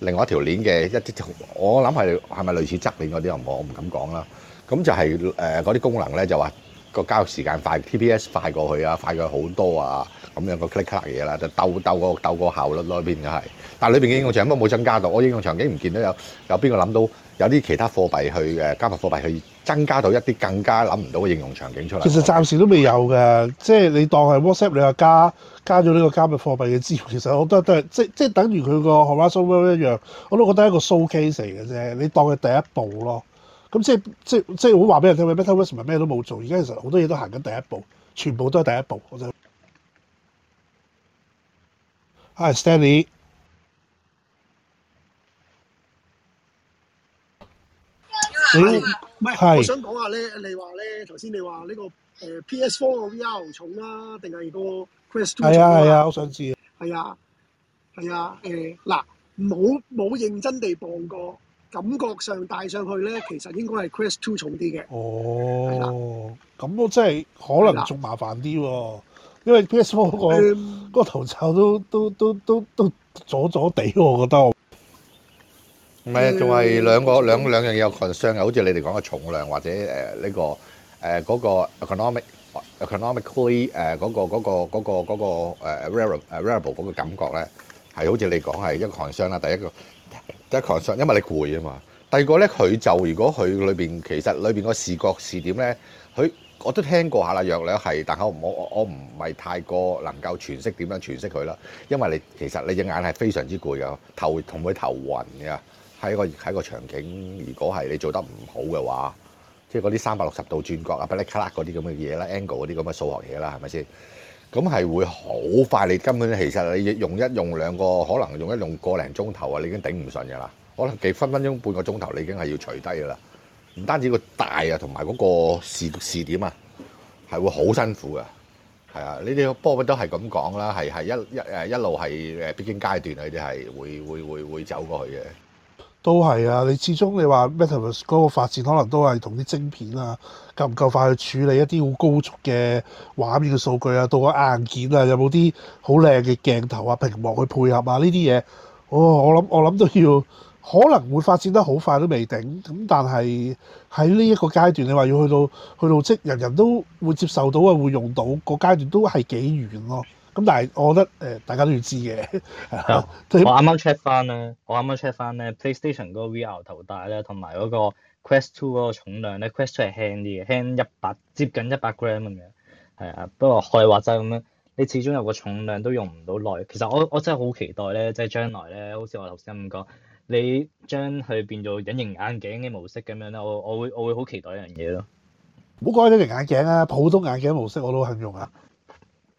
另外一條鏈嘅一啲我諗係係咪類似側鏈嗰啲啊？我唔敢講啦。咁就係誒嗰啲功能咧，就話個交易時間快，TPS 快過去啊，快過好多啊。咁樣個 click click 嘢啦，就鬥鬥個鬥個效率裏邊就係。但係裏邊嘅應用場都冇增加到，我應用場景唔見到有有邊個諗到有啲其他貨幣去誒加密貨幣去增加到一啲更加諗唔到嘅應用場景出嚟。其實暫時都未有㗎，即係你當係 WhatsApp 你話加加咗呢個加密貨幣嘅資料，其實我覺得都係即即等於佢個 Horizon One 一樣，我都覺得係一個 showcase 嚟嘅啫。你當佢第一步咯，咁即即即好話俾人聽嘅 MetaVerse 咩都冇做，而家其實好多嘢都行緊第一步，全部都係第一步。我就 Hi Stanley 係，唔我想講下咧，你話咧，頭先你話呢個誒 P S Four V R 重啦，定係個 q u 係啊係啊，我想知。係啊，係啊，誒，嗱，冇冇認真地磅過，感覺上戴上去咧，其實應該係 Quest Two 重啲嘅。哦，咁我真係可能仲麻煩啲，因為 P S Four 個個頭罩都都都都都阻阻地，我覺得。唔係，仲係兩個兩兩樣嘢有 concern 嘅，好似你哋講嘅重量或者誒呢個誒嗰個 economic economically 誒嗰個嗰個嗰個嗰個誒 variable variable 嗰個感覺咧，係好似你講係一個 concern 啦。第一個第一 concern，因為你攰啊嘛。第二個咧，佢就如果佢裏邊其實裏邊個視覺視點咧，佢我都聽過下啦，若略係，但係我唔我我唔係太過能夠詮釋點樣詮釋佢啦，因為你其實你隻眼係非常之攰啊，頭同佢頭暈㗎。喺一個喺一個場景，如果係你做得唔好嘅話，即係嗰啲三百六十度轉角啊、噼里卡啦嗰啲咁嘅嘢啦、angle 嗰啲咁嘅數學嘢啦，係咪先？咁係會好快，你根本其實你用一用兩個，可能用一用一個零鐘頭啊，你已經頂唔順㗎啦。可能幾分分鐘、半個鐘頭，你已經係要除低㗎啦。唔單止個大啊，同埋嗰個視視點啊，係會好辛苦嘅。係啊，呢啲波都係咁講啦，係係一一誒一路係誒必經階段啊，啲係會會會會走過去嘅。都係啊！你始終你話 Metaverse 嗰個發展可能都係同啲晶片啊，夠唔夠快去處理一啲好高速嘅畫面嘅數據啊？到個硬件啊，有冇啲好靚嘅鏡頭啊、屏幕去配合啊？呢啲嘢，哦，我諗我諗都要可能會發展得好快都未定。咁但係喺呢一個階段，你話要去到去到即人人都會接受到啊，會用到個階段都係幾遠咯、啊。咁但係，我覺得誒、呃，大家都要知嘅的 對。我啱啱 check 翻咧，我啱啱 check 翻咧，PlayStation 嗰個 VR 頭戴咧，同埋嗰個 Quest Two 嗰個重量咧，Quest Two 係輕啲嘅，輕一百接近一百 gram 咁樣。係啊，不過害話就係咁樣，你始終有個重量都用唔到耐。其實我我真係好期待咧，即係將來咧，好似我頭先咁講，你將佢變做隱形眼鏡嘅模式咁樣咧，我我會我會好期待一樣嘢咯。唔好講隱形眼鏡啦、啊，普通眼鏡模式我都肯用啊。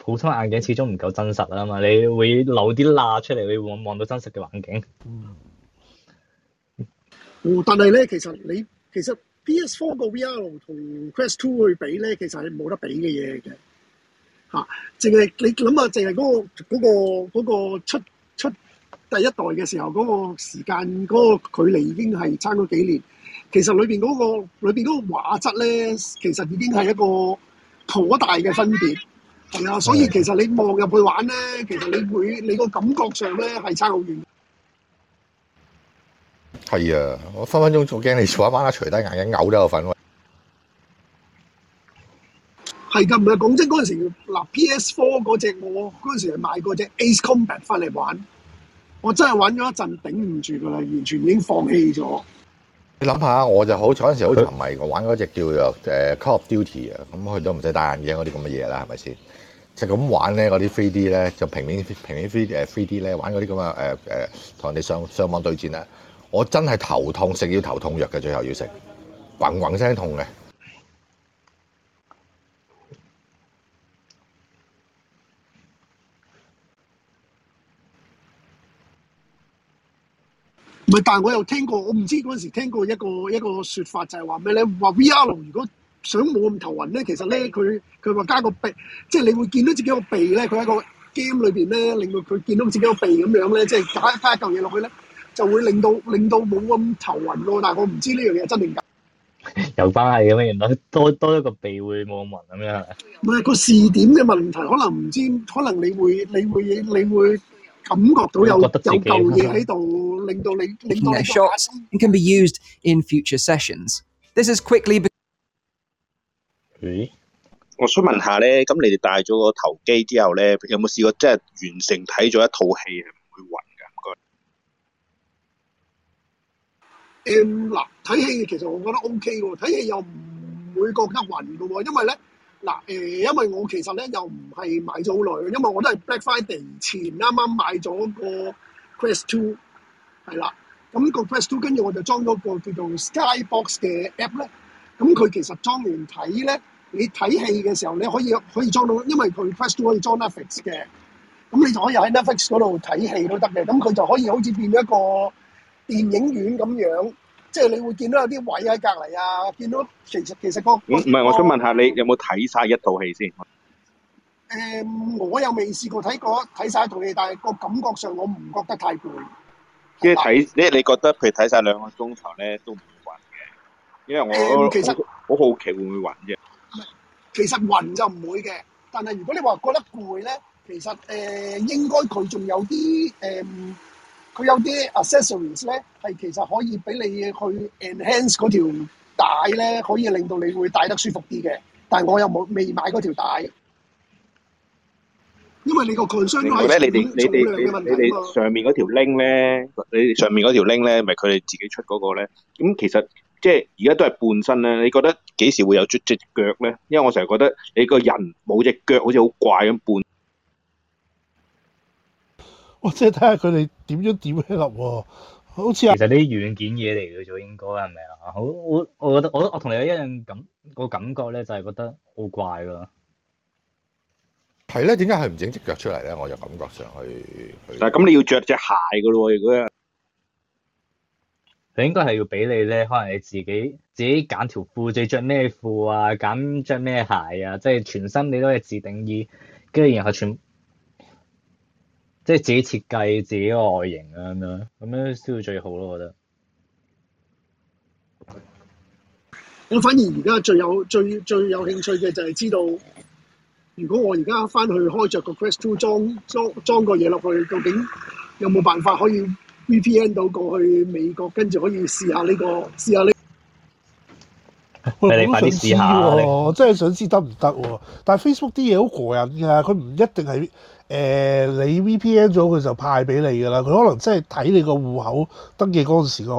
普通眼鏡始終唔夠真實啊嘛，你會漏啲罅出嚟，你會望到真實嘅環境。嗯哦、但係咧，其實你其實 PS4 個 VR 同 Quest Two 去比咧，其實係冇得比嘅嘢嘅嚇。淨、啊、係你諗下、嗰個，淨係嗰個嗰、嗰個嗰個、出出第一代嘅時候嗰個時間嗰、嗰個距離已經係差咗幾年，其實裏邊嗰個裏邊嗰個畫質咧，其實已經係一個頗大嘅分別。係啊，所以其實你望入去玩咧，其實你會你個感覺上咧係差好遠。係啊，我分分鐘仲驚你坐一晚啦，除低眼鏡，嘔咗個份胃。係㗎，唔係講真嗰陣時，嗱 PS Four 嗰隻我嗰陣時係買嗰隻 Ace Combat 翻嚟玩，我真係玩咗一陣頂唔住㗎啦，完全已經放棄咗。你諗下，我就好，有陣時好沉迷我玩嗰隻叫做誒、呃《Call of Duty、嗯》啊，咁佢都唔使戴眼鏡嗰啲咁嘅嘢啦，係咪先？就咁玩咧，嗰啲 three d 咧就平面，平面飛誒 three d 咧，玩嗰啲咁嘅，誒、呃、誒，同、呃、人哋上上網對戰咧，我真係頭痛，食要頭痛藥嘅，最後要食，嗡嗡聲痛嘅。唔係，但係我又聽過，我唔知嗰陣時聽過一個一個説法就說，就係話咩咧？話 VR 龍如果想冇咁頭暈咧，其實咧佢佢話加個鼻，即係你會見到自己個鼻咧，佢喺個 game 裏邊咧，令到佢見到自己個鼻咁樣咧，即係加翻一嚿嘢落去咧，就會令到令到冇咁頭暈咯。但係我唔知呢樣嘢真定假。有關係嘅咩？原來多多一個鼻會冇咁暈咁樣係咪？唔係個視點嘅問題，可能唔知，可能你會你會你會。你會你會感覺到有有舊嘢喺度，令到你。Taking their shots and can be used in future sessions. This is quickly. 誒，我想問下咧，咁你哋帶咗個頭機之後咧，有冇試過即係完成睇咗一套戲係唔會暈噶？誒，嗱，睇戲其實我覺得 OK 喎，睇戲又唔會覺得暈噶喎，因為咧。嗱誒，因為我其實咧又唔係買咗好耐，因為我都係 Black Friday 前啱啱買咗個 Quest Two，係啦。咁個 Quest Two 跟住我就裝咗個叫做 Skybox 嘅 app 咧。咁佢其實裝完睇咧，你睇戲嘅時候你可以可以裝到，因為佢 Quest Two 可以裝 Netflix 嘅。咁你就可以喺 Netflix 度睇戲都得嘅。咁佢就可以好似變咗一個電影院咁樣。即係你會見到有啲位喺隔籬啊，見到其實其實個唔唔係，我想問下你有冇睇晒一套戲先？誒，我又未試過睇過睇晒一套戲，但係個感覺上我唔覺得太攰。即係睇咧，你覺得譬如睇晒兩個鐘頭咧，都唔會暈嘅，因為我我好好奇會唔會暈啫？唔係，其實暈就唔會嘅，但係如果你話覺得攰咧，其實誒應該佢仲有啲誒。佢有啲 accessories 咧，係其實可以俾你去 enhance 嗰條帶咧，可以令到你會戴得舒服啲嘅。但係我又冇未買嗰條帶，因為你個 concern 都係重量嘅問題喎。你哋上面嗰條鏈咧，你上面嗰條鏈咧，咪佢哋自己出嗰個咧？咁其實即係而家都係半身咧。你覺得幾時會有出隻腳咧？因為我成日覺得你個人冇隻腳，好似好怪咁半。我即係睇下佢哋點樣點起立喎，好似其實呢啲軟件嘢，嚟嘅就應該係咪啊？好，我我覺得，我我同你一樣咁個感覺咧，就係覺得好怪咯。係咧，點解佢唔整隻腳出嚟咧？我就感覺上去。但係咁你要着隻鞋噶咯？如果佢應該係要俾你咧，可能你自己自己揀條褲，你着咩褲啊？揀着咩鞋啊？即係全身你都係自定義，跟住然後全。即係自己設計自己個外形啊，咁樣咁樣先會最好咯，我覺得。我反而而家最有最最有興趣嘅就係知道，如果我而家翻去開着個 Quest 2裝裝裝個嘢落去，究竟有冇辦法可以 VPN 到過去美國，跟住可以試下呢個試下呢個？ 想知啊、你快啲試下喎！我真係想知得唔得喎？但係 Facebook 啲嘢好過癮㗎，佢唔一定係誒、呃、你 VPN 咗佢就派俾你㗎啦。佢可能真係睇你個戶口登記嗰陣時個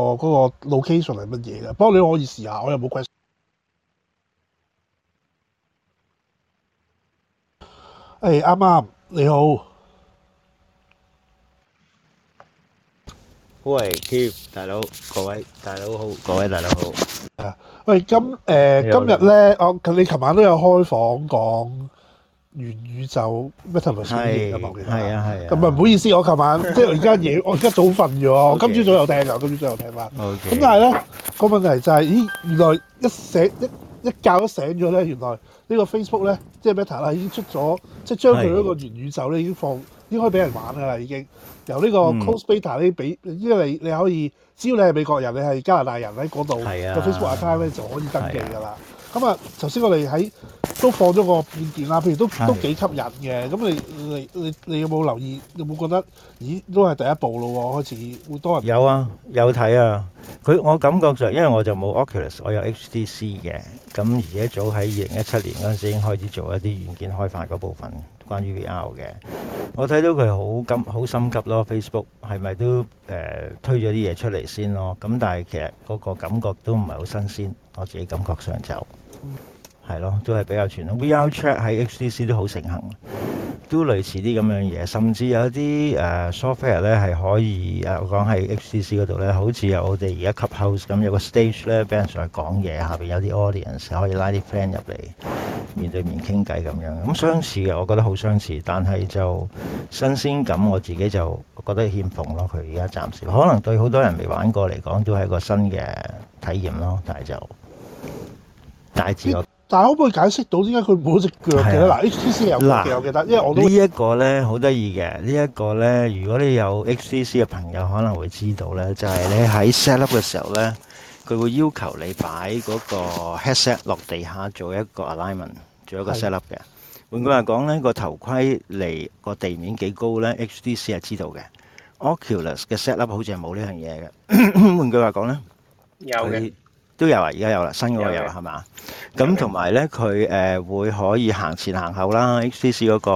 location 係乜嘢㗎。不過你可以試下，我又冇 q u e 啱啱你好。喂，Kim 大佬，各位大佬好，各位大佬好。啊，喂，今誒今日咧，我你琴晚都有開房講元宇宙，Meta 唔係商業嘅嘛？我記得。係啊，係啊。咁唔係唔好意思，我琴晚即係我而家夜，我而家早瞓咗。我今朝早又聽噶，今朝早又聽嘛。O K。咁但係咧，個問題就係，咦？原來一醒一一覺都醒咗咧，原來呢個 Facebook 咧，即係 Meta 啦，已經出咗，即係將佢嗰個元宇宙咧已經放。應該俾人玩㗎啦，已經由呢個 close beta 啲俾，因為你你可以，只要你係美國人，你係加拿大人喺嗰度嘅 Facebook account 咧，就可以登記㗎啦。咁啊，頭先、啊、我哋喺都放咗個軟件啦，譬如都都幾吸引嘅。咁、啊、你你你你有冇留意？有冇覺得？咦，都係第一步咯喎，開始會多人有啊，有睇啊。佢我感覺就因為我就冇 Oculus，我有 HTC 嘅。咁而家早喺二零一七年嗰陣時已經開始做一啲軟件開發嗰部分。關於 VR 嘅，我睇到佢好急，好心急咯。Facebook 係咪都誒、呃、推咗啲嘢出嚟先咯？咁但係其實嗰個感覺都唔係好新鮮，我自己感覺上就。嗯係咯，都係比較傳統。V R chat 喺 H T C 都好盛行，都類似啲咁樣嘢。甚至有啲誒 software 咧係可以誒，我講喺 H T C 嗰度咧，好似有我哋而家 Clubhouse 咁，有個 stage 咧俾人上去講嘢，下邊有啲 audience 可以拉啲 friend 入嚟面對面傾偈咁樣。咁相似嘅，我覺得好相似，但係就新鮮感我自己就覺得欠奉咯。佢而家暫時可能對好多人未玩過嚟講都係個新嘅體驗咯，但係就大致。我。但係可唔可以解釋到點解佢冇隻腳嘅咧？嗱，HTC 有嘅，我記得，因為我都呢一個咧好得意嘅，呢一個咧，如果你有 HTC 嘅朋友可能會知道咧，就係你喺 set up 嘅時候咧，佢會要求你擺嗰個 headset 落地下做一個 alignment，做一個 set up 嘅。換句話講咧，個頭盔離個地面幾高咧，HTC 係知道嘅。Oculus 嘅 set up 好似係冇呢樣嘢嘅。換句話講咧，有嘅。都有啊，而家有啦，新嗰個有係嘛？咁同埋咧，佢誒有會可以行前行後啦。HTC 嗰個，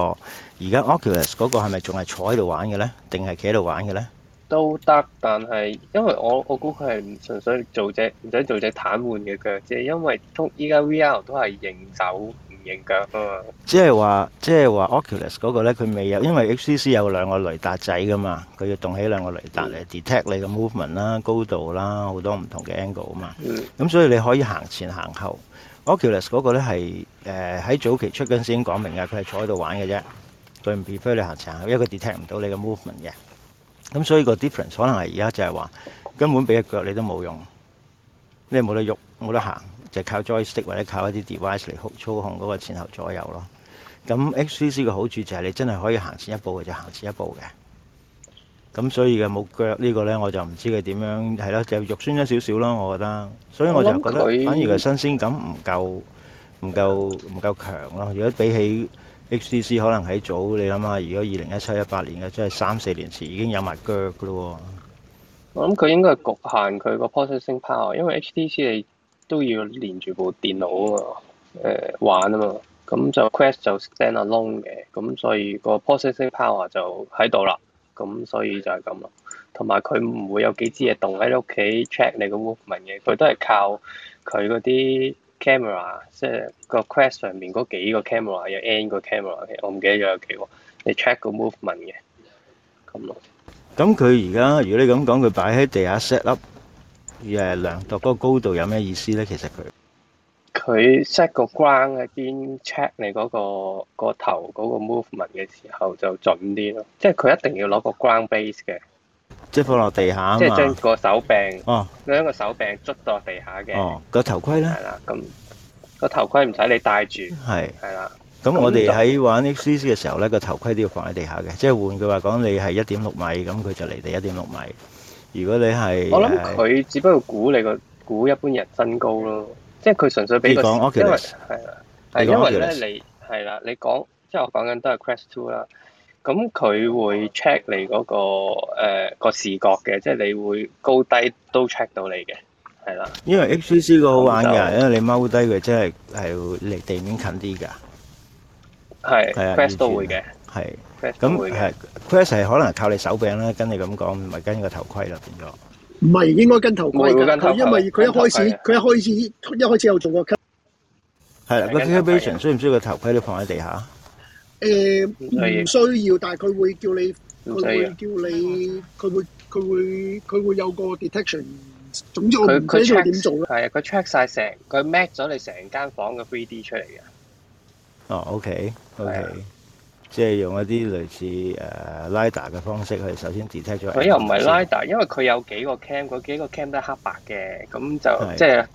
而家 Oculus 嗰個係咪仲係坐喺度玩嘅咧？定係企喺度玩嘅咧？都得，但係因為我我估佢係唔純粹做隻唔使做隻癱瘓嘅腳，即因為通，依家 VR 都係認走。影架啊，即係話，即係話，就是、Oculus 嗰個咧，佢未有，因為 HTC 有兩個雷達仔噶嘛，佢要動起兩個雷達嚟 detect 你嘅 movement 啦，高度啦，好多唔同嘅 angle 啊嘛。咁、嗯、所以你可以行前行後，Oculus 嗰個咧係誒喺早期出緊先講明嘅，佢係坐喺度玩嘅啫，佢唔 prefer 你行前行後，因為佢 detect 唔到你嘅 movement 嘅。咁所以個 difference 可能係而家就係話根本俾隻腳你都冇用，你冇得喐，冇得行。就靠 joystick 或者靠一啲 device 嚟操控嗰個前後左右咯。咁 HTC 嘅好處就係你真係可以行前一步嘅就行前一步嘅。咁所以嘅冇腳呢個咧我就唔知佢點樣係咯，就肉酸咗少少咯，我覺得。所以我就覺得反而佢新鮮感唔夠，唔夠唔夠強咯。如果比起 HTC 可能喺早你諗下，如果二零一七一八年嘅真係三四年前已經有埋腳嘅咯。我諗佢應該係局限佢個 processing power，因為 HTC 係。都要連住部電腦啊、嗯、嘛，玩啊嘛，咁就 Quest 就 stand alone 嘅，咁、嗯、所以個 processing power 就喺度啦，咁、嗯、所以就係咁咯。同埋佢唔會有幾支嘢棟喺你屋企 check 你個 movement 嘅，佢都係靠佢嗰啲 camera，即係個 Quest 上面嗰幾個 camera 有 n 個 camera，我唔記得咗有幾個，你 check 個 movement 嘅。咁咯。咁佢而家如果你咁講，佢擺喺地下 set up。誒兩度嗰、那個高度有咩意思咧？其實佢佢 set 個 ground 一邊 check 你嗰、那個個頭嗰個 movement 嘅時候就準啲咯，即係佢一定要攞個 ground base 嘅，即係放落地下，即係將個手柄哦，將個手柄捉到地下嘅哦，那個頭盔咧，係啦，咁、那個頭盔唔使你戴住，係係啦，咁的我哋喺玩 X3 嘅時候咧，那個頭盔都要放喺地下嘅，即係換句話講，你係一點六米咁，佢就嚟地一點六米。如果你係，我諗佢只不過估你個估一般人身高咯，即係佢純粹俾你 O 因為係啦，因為咧你係啦，你講即係我講緊都係 Quest two 啦。咁佢會 check 你嗰、那個誒、呃、個視覺嘅，即係你會高低都 check 到你嘅，係啦。因為 HCC 個好玩嘅，低因為你踎低佢即係係會離地面近啲㗎。係 Quest 是都會嘅。係。咁係 Quest 係可能靠你手柄啦，跟你咁講，唔係跟個頭盔咯，變咗。唔係應該跟頭盔嘅，佢因為佢一開始，佢一開始一,開始,一開始有做過 c 係啦，個 detection 需唔需要個頭盔？都放喺地下？誒，唔需要，但係佢會叫你，佢會叫你，佢會，佢會，佢會,會有個 detection。總之佢唔知點做咧。係啊，佢 check 晒成，佢 make 咗你成間房嘅 three D 出嚟嘅。哦，OK，OK。Okay, okay, 的即係用一啲類似誒 Lidar 嘅方式去首先 detect 咗。佢又唔係 Lidar，因為佢有幾個 cam，嗰幾個 cam 都係黑白嘅，咁就是的 即係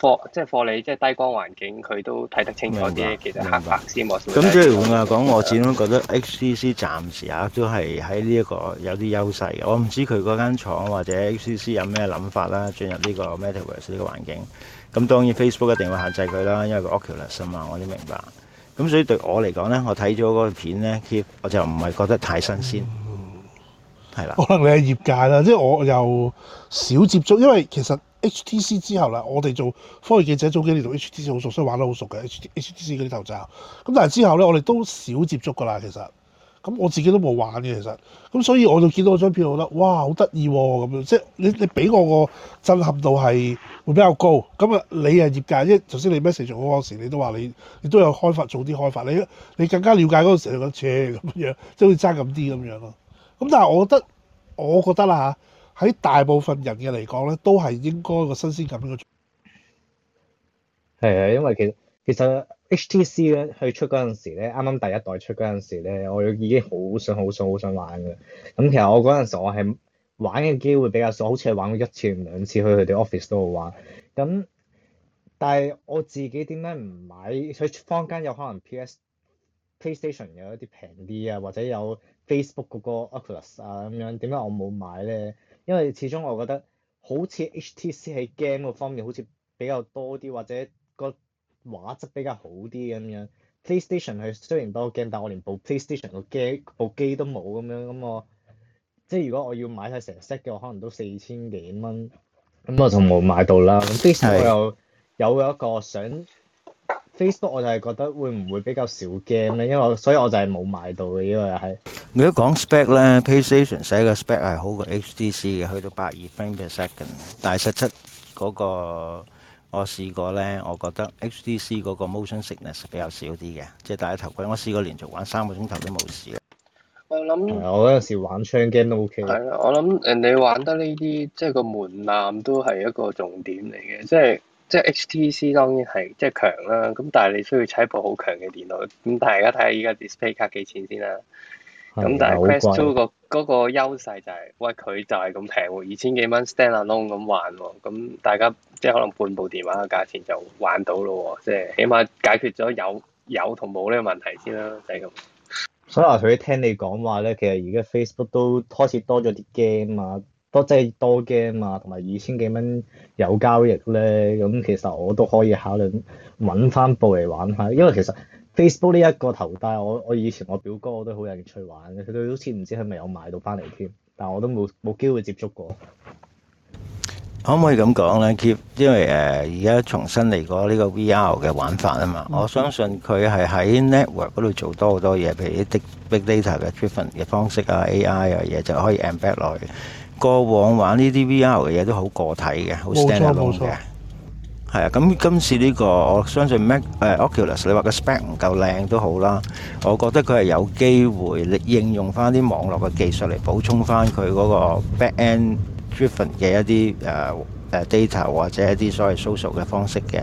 for，即係 for 你，即係低光環境佢都睇得清楚啲，其實白黑白先。我咁即係換話講，我始終覺得 HTC 暫時啊都係喺呢一個有啲優勢嘅。我唔知佢嗰間廠或者 HTC 有咩諗法啦，進入呢個 Metaverse 呢個環境。咁當然 Facebook 一定會限制佢啦，因為個 Oculus 嘛，我都明白。咁所以對我嚟講咧，我睇咗嗰個片咧，我就唔係覺得太新鮮，係啦、嗯。可能的你係業界啦，即係我又少接觸，因為其實 HTC 之後啦，我哋做科技記者，早幾年同 HTC 好熟，所以玩得好熟嘅 HTC 嗰啲頭罩。咁但係之後咧，我哋都少接觸噶啦，其實。咁我自己都冇玩嘅，其實，咁所以我就見到張票，我覺得，哇，好得意喎，咁樣，即係你你俾我個震撼度係會比較高。咁啊，你係業界，即係頭先你 message 我嗰時，你都話你你都有開發早啲開發，你你更加了解嗰個時嘅車咁樣，即係好似爭咁啲咁樣咯。咁但係我覺得，我覺得啦、啊、吓，喺大部分人嘅嚟講咧，都係應該個新鮮感嘅。係係，因為其實其實。H T C 咧，去出嗰陣時咧，啱啱第一代出嗰陣時咧，我已經好想好想好想玩嘅。咁其實我嗰陣時我係玩嘅機會比較少，好似係玩過一次兩次去佢哋 office 度玩。咁但係我自己點解唔買？佢坊間有可能 P S、PlayStation 有一啲平啲啊，或者有 Facebook 嗰個 Oculus 啊咁樣，點解我冇買咧？因為始終我覺得好似 H T C 喺 game 個方面好似比較多啲，或者。畫質比較好啲咁樣，PlayStation 係雖然多 game，但我連 play 部 PlayStation 個 game 部機都冇咁樣，咁我即係如果我要買晒成 set 嘅，我可能都四千幾蚊，咁我就冇買到啦。咁，我又有有一個想是 Facebook，我就係覺得會唔會比較少 game 咧？因為我所以我就係冇買到嘅，因為係。如果講 spec 咧，PlayStation 寫個 spec 係好過 HTC 嘅，去到百二 frame per second，大七七嗰個。我試過咧，我覺得 HTC 嗰個 Motion Sickness 比較少啲嘅，即係戴頭盔，我試過連續玩三個鐘頭都冇事，我想、嗯。我諗，仲有我嗰陣時玩槍 game 都 OK。係啦，我諗誒，你玩得呢啲，即係個門檻都係一個重點嚟嘅，即係即係 HTC 當然係即係強啦、啊。咁但係你需要砌部好強嘅電腦。咁大家睇下依家 display 卡幾錢先啦。咁、嗯、但係 Quest Two 個嗰個優勢就係、是，喂佢就係咁平喎，二千幾蚊 stand alone 咁玩喎，咁大家即係可能半部電話嘅價錢就玩到咯喎，即係起碼解決咗有有同冇呢個問題先啦，就係、是、咁。所以話佢聽你講話咧，其實而家 Facebook 都開始多咗啲 game 啊，多即係多 game 啊，同埋二千幾蚊有交易咧，咁其實我都可以考慮搵返部嚟玩下，因為其實。Facebook 呢一個頭戴，我我以前我表哥我都好興趣玩嘅，佢好似唔知係咪有買到翻嚟添，但我都冇冇機會接觸過。可唔可以咁講咧？Keep，因為誒而家重新嚟過呢個 VR 嘅玩法啊嘛，我相信佢係喺 network 嗰度做多好多嘢，譬如啲 big data 嘅 tripping 嘅方式啊、AI 啊嘢就可以 embed 落去。過往玩呢啲 VR 嘅嘢都好個體嘅，好 standalone 嘅。係咁、嗯、今次呢、這個我相信 Mac、呃、Oculus，你話個 spec 唔夠靚都好啦。我覺得佢係有機會應用翻啲網絡嘅技術嚟補充翻佢嗰個 back end driven 嘅一啲誒誒 data 或者一啲所謂 social 嘅方式嘅。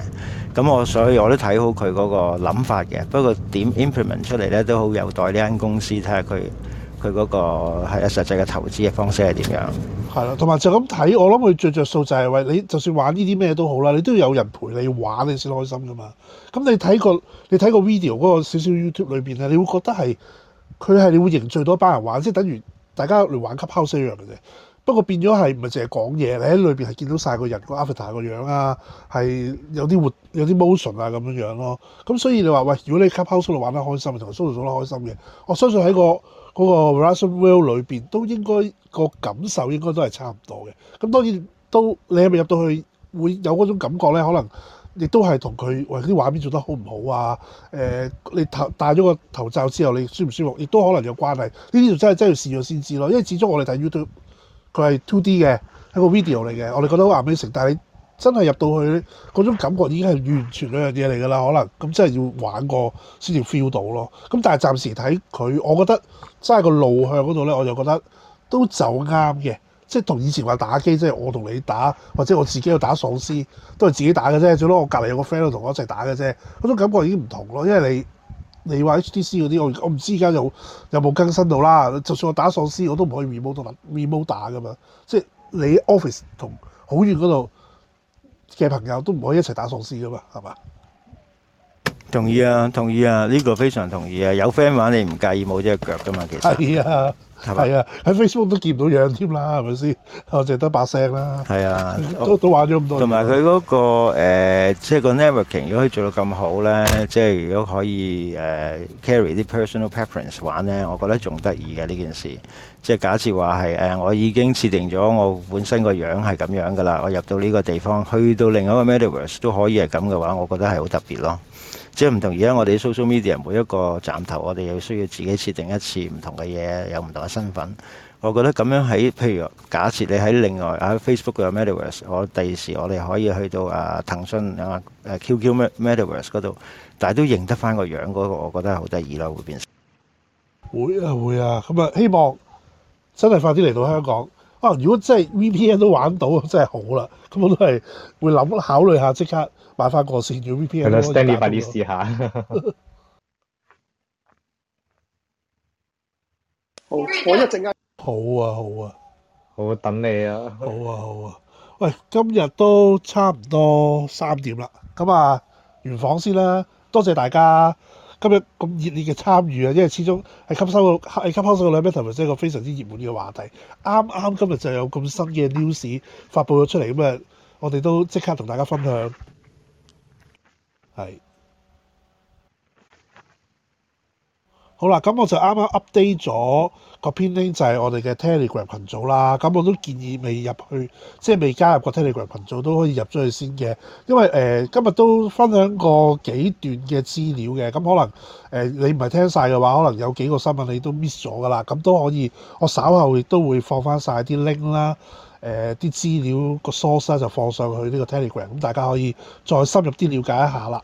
咁我所以我都睇好佢嗰個諗法嘅。不過點 implement 出嚟咧都好有待呢間公司睇下佢。佢嗰個係實際嘅投資嘅方式係點樣？係啦，同埋就咁睇，我諗佢最着數就係、是、喂你，就算玩呢啲咩都好啦，你都要有人陪你玩你先開心㗎嘛。咁你睇個你睇個 video 嗰個少少 YouTube 裏邊咧，你會覺得係佢係你會凝聚多一班人玩，即係等於大家嚟玩 Clubhouse 一樣嘅啫。不過變咗係唔係淨係講嘢，你喺裏邊係見到晒個人個 avatar 個樣啊，係有啲活有啲 motion 啊咁樣樣咯。咁所以你話喂，如果你 Clubhouse 度玩得開心，同 Clubhouse 度做得開心嘅，我相信喺個嗰個 Horizon World 裏邊都應該、個感受應該都係差唔多嘅。咁當然都你係咪入到去會有嗰種感覺咧？可能亦都係同佢喂啲畫面做得好唔好啊？誒、呃，你頭戴咗個頭罩之後，你舒唔舒服？亦都可能有關係。呢啲就真係真係要試咗先知咯。因為始終我哋睇 YouTube，佢係 2D 嘅，係個 video 嚟嘅。我哋覺得好 animation。但係真係入到去嗰種感覺已經係完全另一樣嘢嚟㗎啦。可能咁、嗯、真係要玩過先至 feel 到咯。咁、嗯、但係暫時睇佢，我覺得真係個路向嗰度咧，我就覺得都走啱嘅。即係同以前話打機，即係我同你打，或者我自己去打喪屍，都係自己打嘅啫。最多我隔離有個 friend 都同我一齊打嘅啫。嗰種感覺已經唔同咯，因為你你話 HTC 嗰啲，我我唔知而家有有冇更新到啦。就算我打喪屍，我都唔可以 remote 同 remote 打㗎嘛。即係你 office 同好遠嗰度。嘅朋友都唔可以一齊打喪屍噶嘛，係嘛？同意啊，同意啊，呢個非常同意啊！有 friend 玩你唔介意冇隻腳噶嘛，其實係啊。 係啊，喺 Facebook 都見唔到樣添啦，係咪先？我淨得把聲啦。係啊都，都玩咗咁多年。同埋佢嗰個、呃、即係個 networking 如，如果可以做到咁好咧，即係如果可以誒 carry 啲 personal preference 玩咧，我覺得仲得意嘅呢件事。即係假設話係誒，我已經設定咗我本身個樣係咁樣噶啦，我入到呢個地方，去到另一個 metaverse 都可以係咁嘅話，我覺得係好特別咯。即係唔同，而家我哋 social media 每一個站頭，我哋又需要自己設定一次唔同嘅嘢，有唔同嘅身份。我覺得咁樣喺譬如假設你喺另外喺 Facebook 嘅 metaverse 我第二時我哋可以去到啊騰訊啊誒 QQ metaverse 嗰度，但係都認得翻個樣嗰個，我覺得係好得意啦，會變會、啊。會啊會啊，咁啊希望真係快啲嚟到香港啊！如果真係 VPN 都玩到，真係好啦。咁我都係會諗考慮下即刻。買翻個先，要 V P PS M。阿 Stanley，快啲試下。好，我一陣間。 好啊，好啊。好，等你啊。好啊，好啊。喂，今日都差唔多三點啦。咁啊，完房先啦。多謝大家今日咁熱烈嘅參與啊！因為始終係吸收到係吸收個兩 Meta 即係一個非常之熱門嘅話題。啱啱今日就有咁新嘅 news 發布咗出嚟咁啊，我哋都即刻同大家分享。係，好啦，咁我就啱啱 update 咗個 link，就係我哋嘅 Telegram 群組啦。咁我都建議未入去，即係未加入個 Telegram 群組，都可以入咗去先嘅。因為誒、呃、今日都分享過幾段嘅資料嘅，咁可能誒、呃、你唔係聽晒嘅話，可能有幾個新聞你都 miss 咗㗎啦。咁都可以，我稍後亦都會放翻晒啲 link 啦。誒、啲資料個 source 就放上去呢個 Telegram，咁大家可以再深入啲了解一下啦。